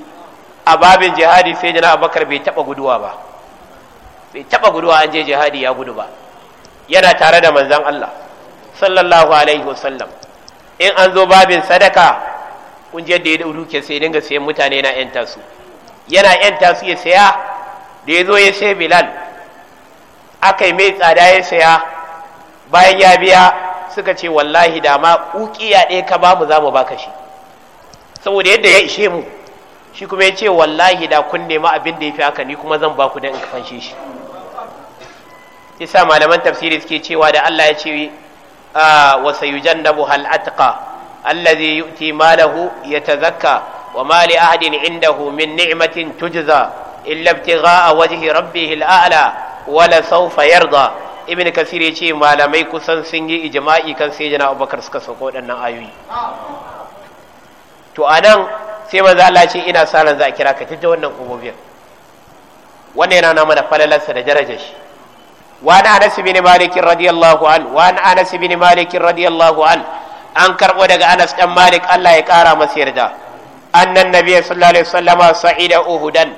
a babin jihadi sai jina abakar bai taba guduwa ba bai taba guduwa an je jihadi ya gudu ba yana tare da manzan Allah sallallahu alaihi wasallam in an zo babin sadaka kun je da ya duke sai dinga sayan mutane na yan tasu yana yan tasu ya saya da ya zo ya sai bilal aka yi mai tsada ya saya bayan ya biya suka ce wallahi da ma ukiya ɗaya ka ba mu za mu baka shi saboda yadda ya ishe mu shi kuma ya ce wallahi da kun nema abin da ya fi haka ni kuma zan baku don in fanshe shi yasa malaman tafsiri suke cewa da Allah ya ce wa buhal atka allah zai yu'ti malahu yatazakka wa mali ahadin indahu min ni'matin tujza illa a wajihi rabbihil ala wala saufa yarda ibn kasir ya ce malamai kusan sun yi ijma'i kan sai jana abubakar suka sauko waɗannan ayoyi to a nan sai manzo Allah ce ina sa ran za a kira ka tijja wannan kubobin wannan yana mana falalarsa da darajar shi Wani انس بن مالك radiyallahu an عنه وعن انس بن مالك رضي an karbo daga Anas dan Malik Allah ya kara masa yarda annan nabiy sallallahu alaihi wasallam sa'ida uhudan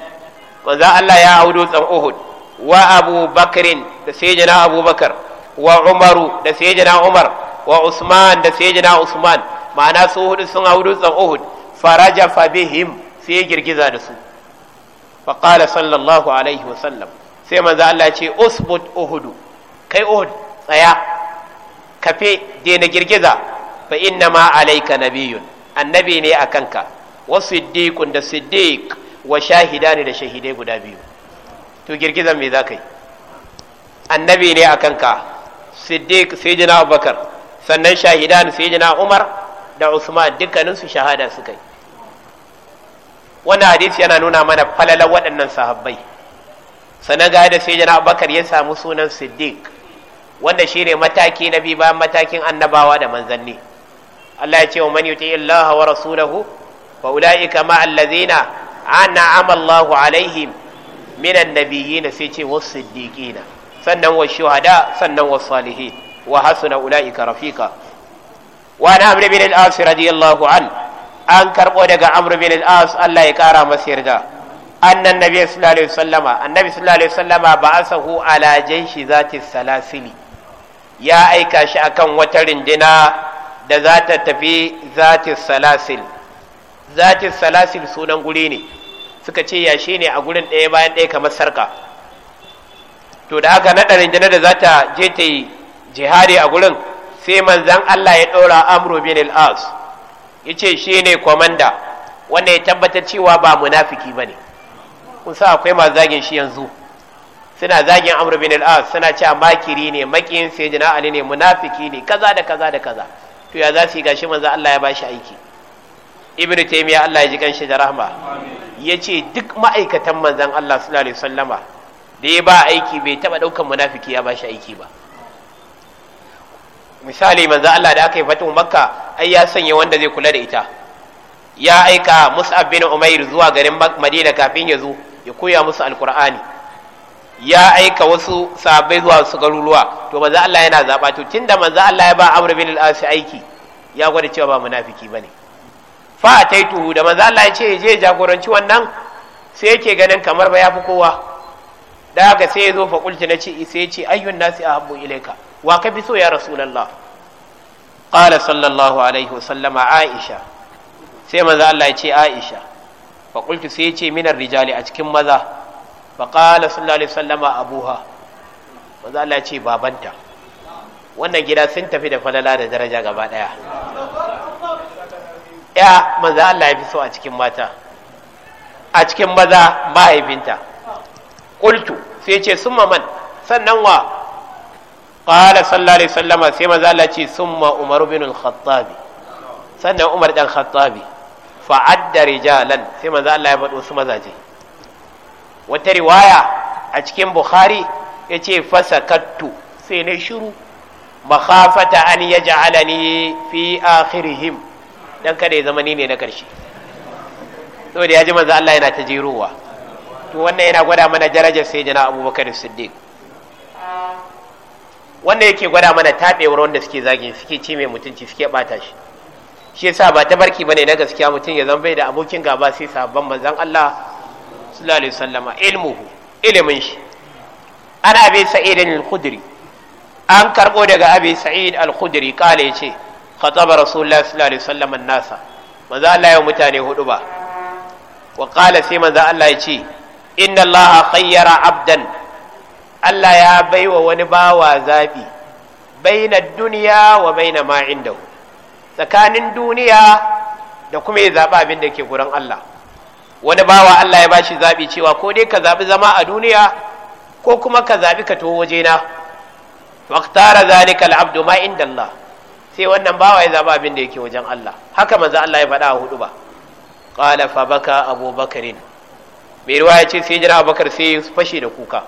manzo Allah ya audu tsan uhud wa Abu Bakrin da sayyidina abubakar wa umaru da sayyidina umar wa usman da sayyidina usman ma'ana su hudu sun hau dutsen uhud faraja fa bihim sai girgiza da su fa qala sallallahu alaihi wa sallam sai manzo Allah ce usbut uhud kai uhud tsaya kafe daina girgiza fa inna ma alayka nabiyyun annabi ne akanka ka wa siddiqun da siddiq wa shahidani da shahidai guda biyu to girgizan me za ka yi annabi ne a kanka siddiq sayyidina abubakar sannan shahidan sayyidina umar da usman dukkaninsu shahada suka yi wannan hadisi yana nuna mana falalar waɗannan sahabbai sannan ga da abubakar ya samu sunan siddiq wanda shine mataki na biyu bayan matakin annabawa da manzanni Allah ya ce wa man yuti Allah wa rasulahu fa ulaika ma allazina an'ama Allahu alaihim minan nabiyyin sai ce was siddiqina sannan wa shuhada sannan wa salihin wa hasuna ulaika rafika. wa an amr bin al-as radiyallahu an an karbo daga amr bin al-as Allah ya kara masa yarda annan nabi sallallahu alaihi wasallama annabi sallallahu alaihi wasallama ba'asahu ala jaishi zati salasili ya aika shi akan wata rindina da za ta tafi zati salasil zati salasil sunan guri ne suka ce yashe ne a gurin ɗaya bayan ɗaya kamar sarka to da aka naɗa rinjina da za ta je ta yi jihadi a gurin sai manzan Allah ya ɗora amru bin al'as ya ce shi ne kwamanda wanda ya tabbatar cewa ba munafiki ba ne sa akwai masu zagin shi yanzu suna zagin amru bin al'as suna cewa makiri ne makin sai jina ali ne munafiki ne kaza da kaza da kaza to ya za su yi gashi manzan Allah ya ba shi aiki ibnu taymiya Allah ya ji shi da rahma yace duk ma'aikatan manzan Allah sallallahu alaihi wasallama da ya ba aiki bai taba daukan munafiki ya ba shi aiki ba misali manzo Allah da aka yi fatu makka ai ya sanya wanda zai kula da ita ya aika mus'ab bin umair zuwa garin madina kafin ya zo ya koya musu alqur'ani ya aika wasu sahabbai zuwa su garuruwa to manzo Allah yana zaba to tunda manzo Allah ya ba amr bin al-as aiki ya gwada cewa ba munafiki bane fa ataituhu da manzo Allah ya ce je jagoranci wannan sai yake ganin kamar ba ya fi kowa da sai ya zo fa kulti nace sai ce ayyun nasi a ahabbu ilaika wa ka fi so ya rasulallah? qala sallallahu alaihi wa sallama aisha sai manzo Allah ya ce aisha fa sai ya ce minar rijali a cikin maza fa qala sallallahu alaihi wa sallama abuha manzo Allah ya ce babanta wannan gida sun tafi da falala da daraja gaba daya ya manzo Allah ya fi so a cikin mata a cikin maza mahaifinta qultu sai ce summa man sannan wa qala sallallahu sallama sai manzo Allah ce summa umar bin al-khattabi sannan umar ɗan khattabi fa adda rijalan sai manzo Allah ya bado su mazaje wata riwaya a cikin bukhari ya yace fasakattu sai na shiru makhafata an ya yaj'alani fi akhirihim dan kada ya zama ni ne na karshe saboda ya ji maza Allah yana ta jerowa to wannan yana gwada mana darajar sai jana abubakar siddiq wanda yake gwada mana taɓewar wanda suke zagin suke ci mai mutunci suke ɓata shi shi yasa ba ta tabarki bane na gaskiya mutum ya zan bai da abokin gaba sai sabon manzon Allah sallallahu alaihi wasallama ilmuhu ilimin shi ana bi sa'id al-khudri an karbo daga abi sa'id al-khudri kale yace khataba rasulullah sallallahu alaihi wasallama an-nasa manzo Allah ya mutane hudu ba wa qala sai manzo Allah ya ce. inna Allah khayyara abdan Allah ya baiwa wani bawa zabi baina duniya wa baina ma indahu tsakanin duniya da kuma ya zaba abin da ke gurin Allah wani bawa Allah ya bashi zaɓi cewa ko dai ka zabi zama a duniya ko kuma ka zaɓi ka to wajena waqtara zalika al ma inda Allah sai wannan bawa ya zaba abin da yake wajen Allah haka manzo Allah ya faɗa a hudu ba qala fa baka abubakarin mai ruwa ya ce sai jira abubakar sai fashe da kuka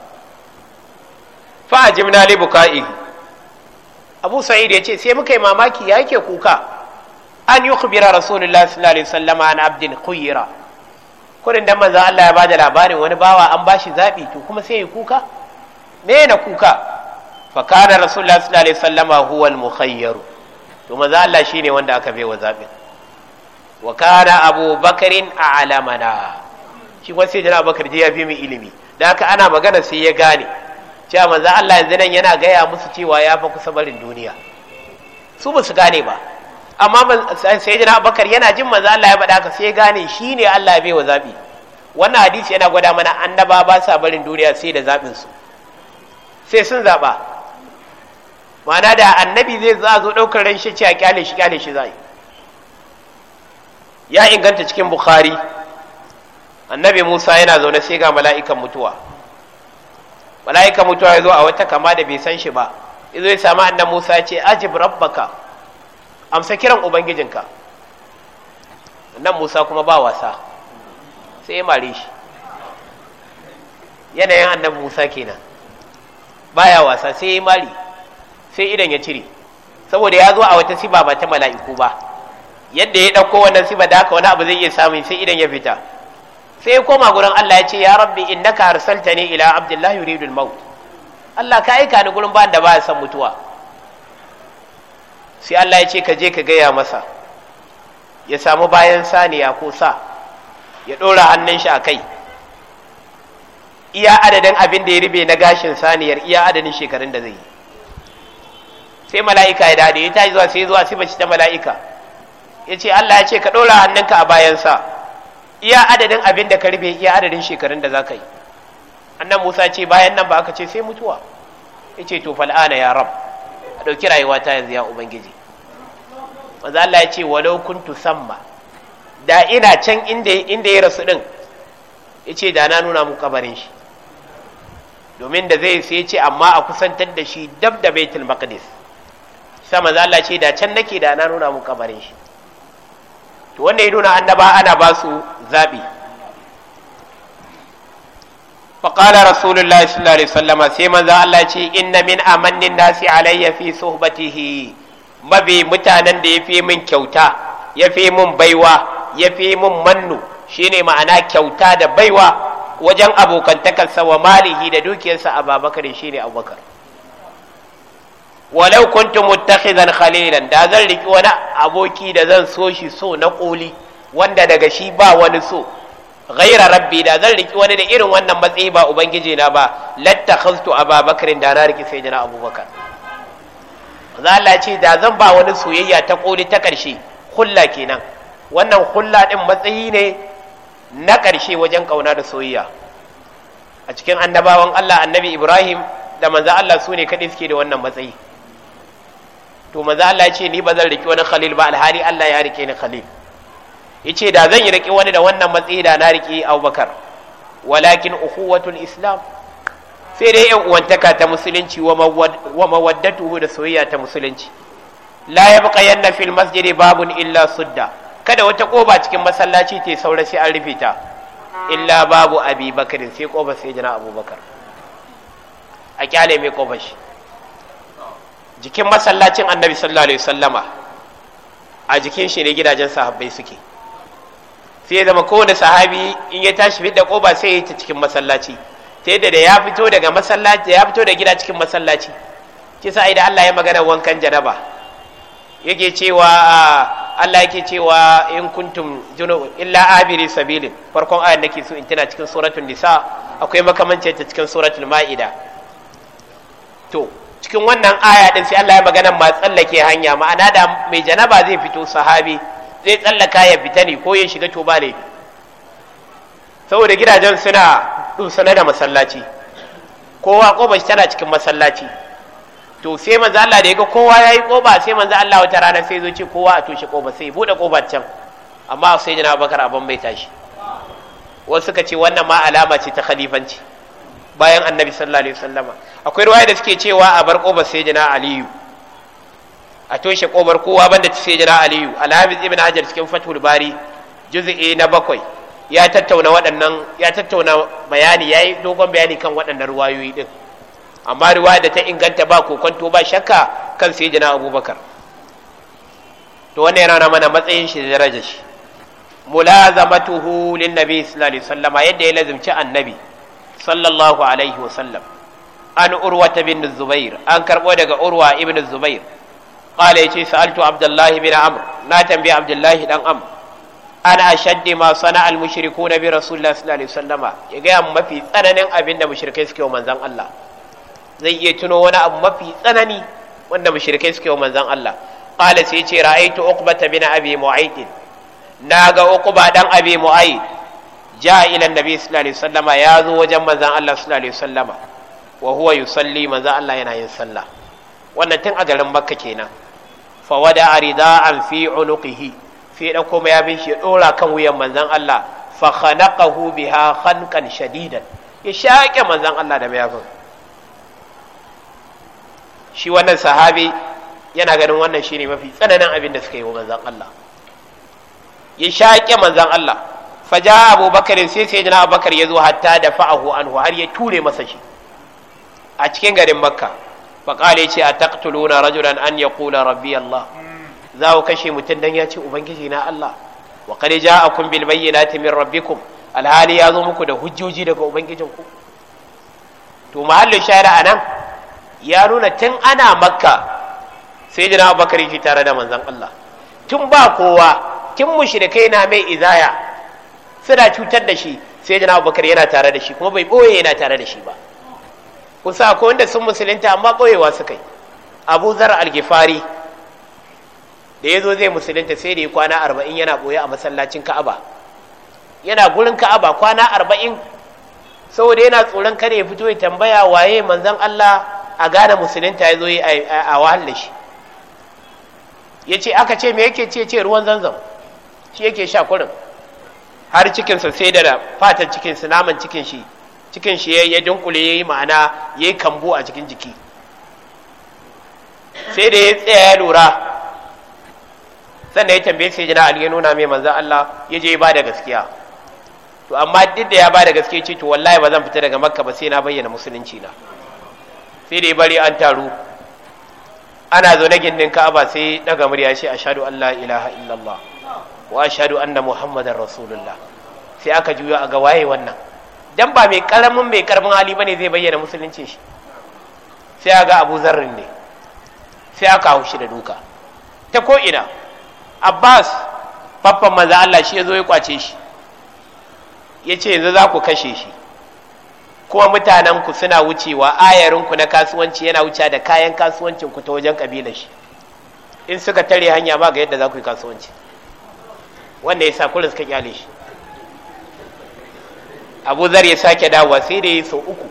fa'ajim na buka'i abu sa'id ya ce sai muka yi mamaki ya ke kuka an yi kubira rasulullah sallallahu alaihi wasallama an abdin khuyira kurin dan manzon Allah ya bada labarin wani bawa an bashi zabi to kuma sai ya kuka me na kuka fa kana rasulullah sallallahu alaihi wasallama huwa al mukhayyar to maza Allah shine wanda aka baiwa zabin wa kana abubakarin a alamana shi kuma sai jana bakar je ya fi mai ilimi da haka ana magana sai ya gane cewa manzan Allah yanzu nan yana gaya musu cewa ya fa kusa barin duniya su ba su gane ba amma sai jana bakar yana jin manzan Allah ya faɗa haka sai ya gane shi ne Allah ya bai wa zaɓi wannan hadisi yana gwada mana annaba ba sa barin duniya sai da zaɓin su sai sun zaɓa ma'ana da annabi zai za zo ɗaukar ran shi cewa kyale shi kyale shi yi ya inganta cikin bukhari annabi musa yana zaune sai ga mala'ikan mutuwa mala'ikan mutuwa ya zo a wata kama da bai san shi ba ya zo ya samu annan musa ya ce ajib rabbaka amsa kiran ubangijinka Annan musa kuma ba wasa sai ya mare shi yanayin annan musa kenan baya wasa sai ya mari sai idan ya cire saboda ya zo a wata siba ba ta mala'iku ba yadda ya ɗauko wannan siba da haka wani abu zai iya samun sai idan ya fita sai ya koma gurin Allah ya ce ya rabbi innaka arsaltani ila abdullahi yuridu al-maut Allah ka aika ni gurin ban da ba san mutuwa sai Allah ya ce ka je ka gaya masa ya samu bayan saniya ko sa ya ɗora hannun shi a kai iya adadin abin da ya rube na gashin saniyar iya adadin shekarun da zai yi sai mala'ika ya dade ya tashi zuwa sai zuwa sai ci ta mala'ika ya ce Allah ya ce ka ɗora hannunka a bayan sa. iya adadin abin da ka rufe iya adadin shekarun da za ka yi annan musa ce bayan nan ba aka ce sai mutuwa ya ce to fal'ana ya rab a ɗauki rayuwa ta yanzu ya ubangiji maza Allah ya ce walau samma da ina can inda ya rasu ɗin ya ce da na nuna mu kabarin shi domin da zai sai ce amma a kusantar da shi dab da baitul maqdis sai maza Allah ce da can nake da na nuna mu kabarin shi to wanda ya nuna annaba ana ba su zaɓi faƙalar rasulullah sallallahu alaihi wasallama sai maza Allah ce inna min amannin nasi alayyafi fi suhbatihi mabi mutanen da ya fi min kyauta ya fi min baiwa ya fi min mannu shine ma'ana kyauta da baiwa wajen abokantakarsa wa malihi da dukiyarsa a babakar shine abubakar walau kuntu muttakhidan khalilan da zan riki wani aboki da zan so shi so na koli wanda daga shi ba wani so ghaira rabbi da zan riki wani da irin wannan matsayi ba ubangiji na ba Latta, a babakarin da na riki sayyidina abubakar za ce da zan ba wani soyayya ta koli ta karshe hulla kenan wannan hulla ɗin matsayi ne na karshe wajen kauna da soyayya a cikin annabawan Allah annabi Ibrahim da manzo Allah su ne kadai suke da wannan matsayi to manzo Allah ce ni ba zan riki wani khalil ba alhali Allah ya rike ni khalil yace da zan yi riki wani da wannan matsayi da na riki Abubakar walakin ukhuwatul islam sai dai yan uwantaka ta musulunci wa mawaddatuhu da soyayya ta musulunci la yabqa yanna fil masjid babun illa sudda kada wata koba cikin masallaci ta saura sai an rufe ta illa babu abi bakarin sai koba sai jina abubakar a kyale mai koba shi jikin masallacin annabi sallallahu alaihi wasallama a jikin shi ne gidajen sahabbai suke sai ya zama kowane sahabi in ya tashi fidda koba sai ya ta cikin masallaci ta yadda da ya fito daga masallaci ya fito da gida cikin masallaci kisa ai da Allah ya magana wankan janaba yake cewa Allah yake cewa in kuntum junub illa abiri sabilin farkon ayar nake so in tana cikin suratul nisa akwai makamancin ta cikin suratul maida to cikin wannan aya din sai Allah ya magana ma tsallake hanya ma'ana da mai janaba zai fito sahabi zai tsallaka ya fita ne ko ya shiga to ba laifi saboda gidajen suna sana da masallaci kowa koba shi tana cikin masallaci to sai manzo Allah da yaga kowa yayi koba sai manzo Allah wata rana sai zo ce kowa a toshe koba sai bude koba can amma sai jina Abubakar abin bai tashi wasu suka ce wannan ma alama ce ta khalifanci bayan annabi sallallahu alaihi wasallama akwai ruwaya da suke cewa a bar koba sai jina Aliyu a toshe kobar kowa banda sai sejira aliyu alhafiz ibn hajar cikin fathul bari juz'i na bakwai ya tattauna waɗannan ya tattauna bayani ya yi dogon bayani kan waɗannan ruwayoyi ɗin. amma ruwa da ta inganta ba kokonto ba shakka kan sai abubakar to wannan yana mana matsayin shi da daraja shi mulazamatuhu lin nabi sallallahu alaihi wasallam yadda ya lazimci annabi sallallahu alaihi wasallam an urwa ta bin zubair an karbo daga urwa ibn zubair qala yace sa'altu abdullahi bin amr na tambayi abdullahi dan amr ana shaddi ma sana al mushrikuna bi rasulillah sallallahu alaihi wasallama ya ga mafi tsananin abinda da mushrikai suke wa manzon Allah zai iya tuno wani abu mafi tsanani wanda mushrikai suke wa manzon Allah qala sai yace ra'aytu uqbata bin abi mu'ayth naga uqba dan abi mu'ayth ja ila annabi sallallahu alaihi wasallama ya zo wajen manzon Allah sallallahu alaihi wasallama wa huwa yusalli manzon Allah yana yin sallah wannan tun a garin Makka kenan fa wada arida'an fi unuqihi fi ɗan kuma ya bin shi kan wuyan Manzan Allah fa khanaqahu biha khanqan shadidan ya shaƙe Manzan Allah da mayafin shi wannan sahabi yana ganin wannan shine mafi tsananin abin da suka yi wa Manzan Allah ya shaƙe Manzan Allah fa ja Abu sai sai jina Bakar ya zo hatta da fa'ahu anhu har ya ture masa shi a cikin garin Makka faƙale ce a taktuluna rajulan an ya kula rabbi Allah za ku kashe mutum don ya ce ubangiji na Allah wa kare ja a kun bilbayi na timin rabbikum alhali ya zo muku da hujjoji daga ubangijinku to mahallin Shari'a a nan ya nuna tun ana makka sai jina abubakar yake tare da manzan Allah tun ba kowa tun mushrikai na mai izaya suna cutar da shi sai jina abubakar yana tare da shi kuma bai ɓoye yana tare da shi ba kusa ko wanda sun musulunta amma ɓoyewa su kai. abu zar algifari da ya zo zai musulunta sai da ya kwana arba'in yana ɓoye a masallacin ka'aba yana gurin ka'aba kwana arba'in saboda yana tsoron kada ya fito ya tambaya waye manzon Allah a gane musulunta ya zo yi a wahal shi ya ce aka ce me yake ce ce ruwan zanzam shi yake sha kurin har cikinsa sai da fatan cikinsa naman cikin shi cikin shi ya dunkule ya yi ma'ana ya yi kambo a cikin jiki sai da ya tsaya ya lura sannan ya tambaye sai jina aliyu ya nuna mai manzan Allah ya je ba da gaskiya to amma duk da ya ba da gaskiya ce to wallahi ba zan fita daga makka ba sai na bayyana musulunci na sai da ya bari an taru ana zo na gindin ka'aba sai daga murya shi a an Allah ilaha illallah wa ashhadu anna muhammadar rasulullah sai aka juya a ga waye wannan dan ba mai karamin mai karamin hali bane zai bayyana musulunci shi sai ga abu zarrin ne sai aka haushi da duka ta ko ina abbas babban maza allah shi ya zo ya kwace shi ya ce yanzu za ku kashe shi kuma mutanenku suna wucewa ayarinku na kasuwanci yana wucewa da kayan kasuwancinku ta wajen kabilar shi in suka tare hanya ba ga yadda za ku yi kasuwanci wanda ya sa suka kyale shi abu zar ya sake dawa sai da ya sau uku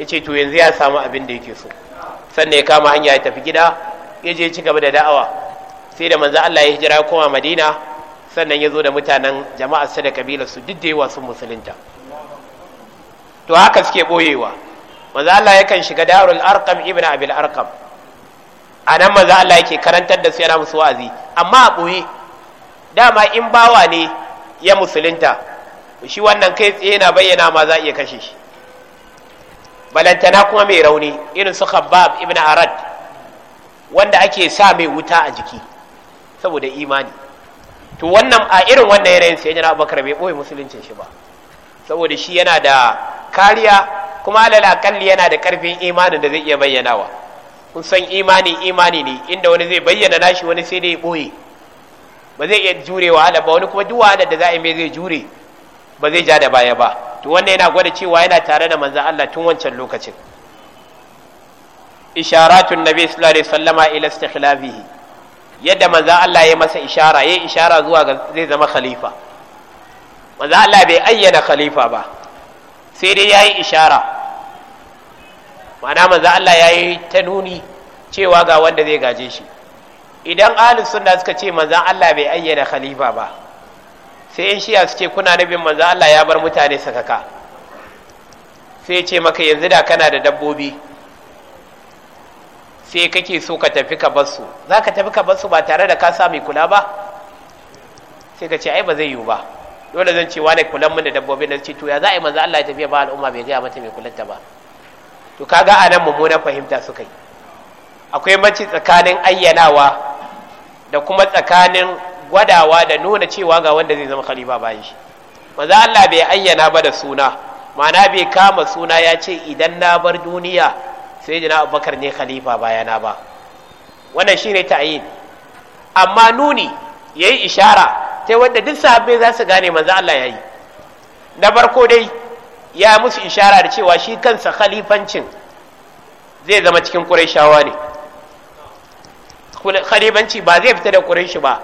ya ce to yanzu ya samu abin da yake so sannan ya kama hanya ya tafi gida ya je ci gaba da da'awa sai da manzo Allah ya hijira ya koma Madina sannan ya zo da mutanen jama'a sa da kabilar su duk da yawa sun musulunta to haka suke boyewa manzo Allah yakan shiga Darul Arqam ibnu Abil Arqam anan manzo Allah yake karantar da su yana musu wa'azi amma a boye dama in bawa ne ya musulunta shi wannan kai tsaye na bayyana ma za a iya kashe shi balantana kuma mai rauni irin su khabbab ibn arad wanda ake sa mai wuta a jiki saboda imani to wannan a irin wannan yanayin sai yana abubakar bai boye musuluncin shi ba saboda shi yana da kariya kuma alal akalli yana da karfin imanin da zai iya bayyanawa kun san imani imani ne inda wani zai bayyana nashi wani sai dai boye ba zai iya jurewa ba wani kuma duk da za a yi mai zai jure ba zai ja da baya ba to wanda yana gwada cewa yana tare da manzon Allah tun wancan lokacin isharatun nabi sallallahu alaihi wasallama ila istikhlafihi yadda manzon Allah ya masa ishara ya ishara zuwa ga zai zama khalifa manzon Allah bai ayyana khalifa ba sai dai yayi ishara Mana manzon Allah yayi ta nuni cewa ga wanda zai gaje shi idan ahlus sunna suka ce manzon Allah bai ayyana khalifa ba sai in shiya su ce kuna nabin manzo Allah ya bar mutane sakaka sai ce maka yanzu da kana da dabbobi sai kake so ka tafi ka bar su za ka tafi ka bar su ba tare da ka sa mai kula ba sai ka ce ai ba zai yiwu ba dole zan ce ne kulan mun da dabbobi na ce to ya za a yi manzo Allah ya tafi ba al'umma bai gaya mata mai kulanta ba to kaga a nan mummunan fahimta su kai. akwai mace tsakanin ayyanawa da kuma tsakanin gwadawa da nuna cewa ga wanda zai zama khalifa bayan shi manzo Allah bai ayyana ba da suna ma'ana bai kama suna ya ce idan na bar duniya sai jina abubakar ne khalifa bayan ba wannan shine ta'yin amma nuni yayi ishara ta wanda duk sahabbai za su gane maza Allah yayi na ko dai ya musu ishara da cewa shi kansa khalifancin zai zama cikin Qurayshawa ne khalifanci ba zai fita da Qurayshi ba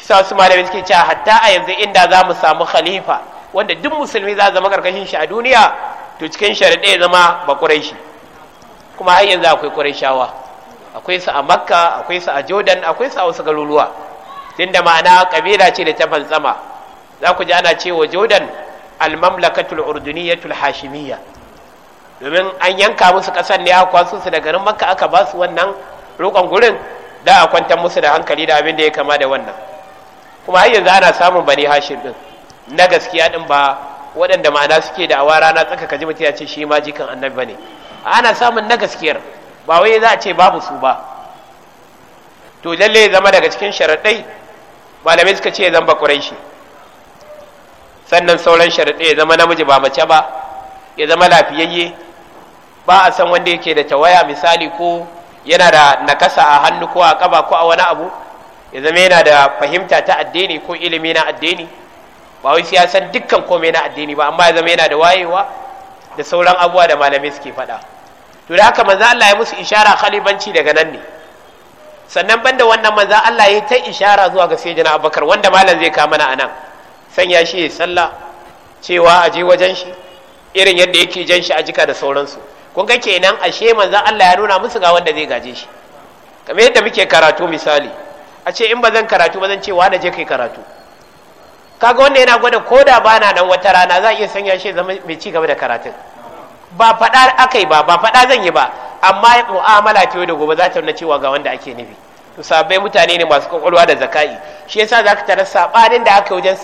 sa su malamin suke cewa hatta a yanzu inda za mu samu khalifa wanda duk musulmi za zama karkashin shi a duniya to cikin sharaɗe zama ba shi. kuma har yanzu akwai shawa akwai su a makka akwai su a jordan akwai su a wasu garuruwa tunda ma'ana kabila ce da ta fantsama za ku ji ana cewa jordan almamlakatul urduniyatul hashimiyya domin an yanka musu ƙasar ne aka kwaso su da garin makka aka ba su wannan roƙon gurin da a kwantar musu da hankali da abin da ya kama da wannan kuma har yanzu ana samun bani hashin din na gaskiya din ba waɗanda ma'ana suke da awa rana tsaka kaji mutum ya ce shi ma jikan annabi bane ana samun na gaskiyar ba wai za a ce babu su ba to lalle zama daga cikin sharaɗai malamai suka ce zan ba shi sannan sauran sharaɗai ya zama namiji ba mace ba ya zama lafiyayye ba a san wanda yake da tawaya misali ko yana da nakasa a hannu ko a kaba ko a wani abu ya zama yana da fahimta ta addini ko ilimi na addini ba wai ya san dukkan komai na addini ba amma ya zama yana da wayewa da sauran abuwa da malamai suke faɗa to da haka manzo Allah ya musu ishara khalibanci daga nan ne sannan banda wannan manzo Allah ya ta ishara zuwa ga sayyidina Abubakar wanda malam zai kama mana anan sanya shi ya sallah cewa a je wajen shi irin yadda yake jan shi a jika da sauransu kun ga kenan ashe manzo Allah ya nuna musu ga wanda zai gaje shi kamar yadda muke karatu misali a ce in ba zan karatu ba zan ce na je kai karatu kaga wanda yana gwada ko da bana dan wata rana za iya sanya shi zama mai ci gaba da karatun ba faɗa akai ba ba faɗa zan yi ba amma mu'amala ta yau da gobe za ta nuna cewa ga wanda ake nufi to sabai mutane ne masu kwakwalwa da zakai shi yasa za ka tarar sabanin da aka wajen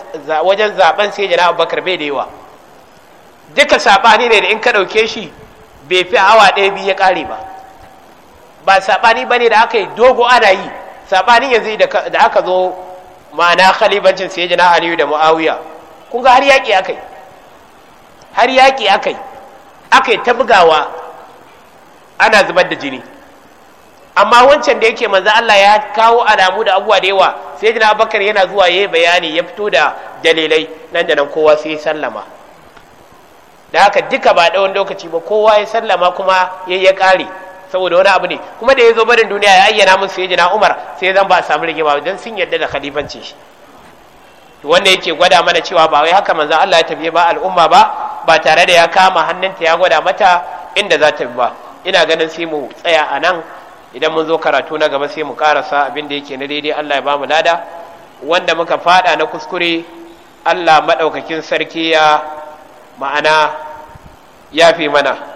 wajen zaben sai jana abubakar bai da yawa duka sabani ne da in ka ɗauke shi bai fi awa ɗaya biyu ya ƙare ba ba sabani bane da aka yi dogo ana yi sabanin yanzu da aka zo ma'ana khalibancin sai jina aliyu da mu'awiya kun ga har yaƙi akai har yaƙi akai akai ta bugawa ana zubar da jini amma wancan da yake manzo Allah ya kawo alamu da abuwa da yawa sai jina abakar yana zuwa ya yi bayani ya fito da dalilai nan da nan kowa sai sallama da haka duka ba ɗawan lokaci ba kowa ya sallama kuma ya ya ƙare saboda wani abu ne kuma da ya zo barin duniya ya ayyana mun sai jina umar sai zan ba samu rigima don sun yarda da khalifancin shi wanda yake gwada mana cewa ba wai haka manzo Allah ya tafi ba al'umma ba ba tare da ya kama hannunta ya gwada mata inda za ta bi ba ina ganin sai mu tsaya a nan idan mun zo karatu na gaba sai mu karasa abin da yake na daidai Allah ya ba mu lada wanda muka fada na kuskure Allah madaukakin sarki ya ma'ana yafi mana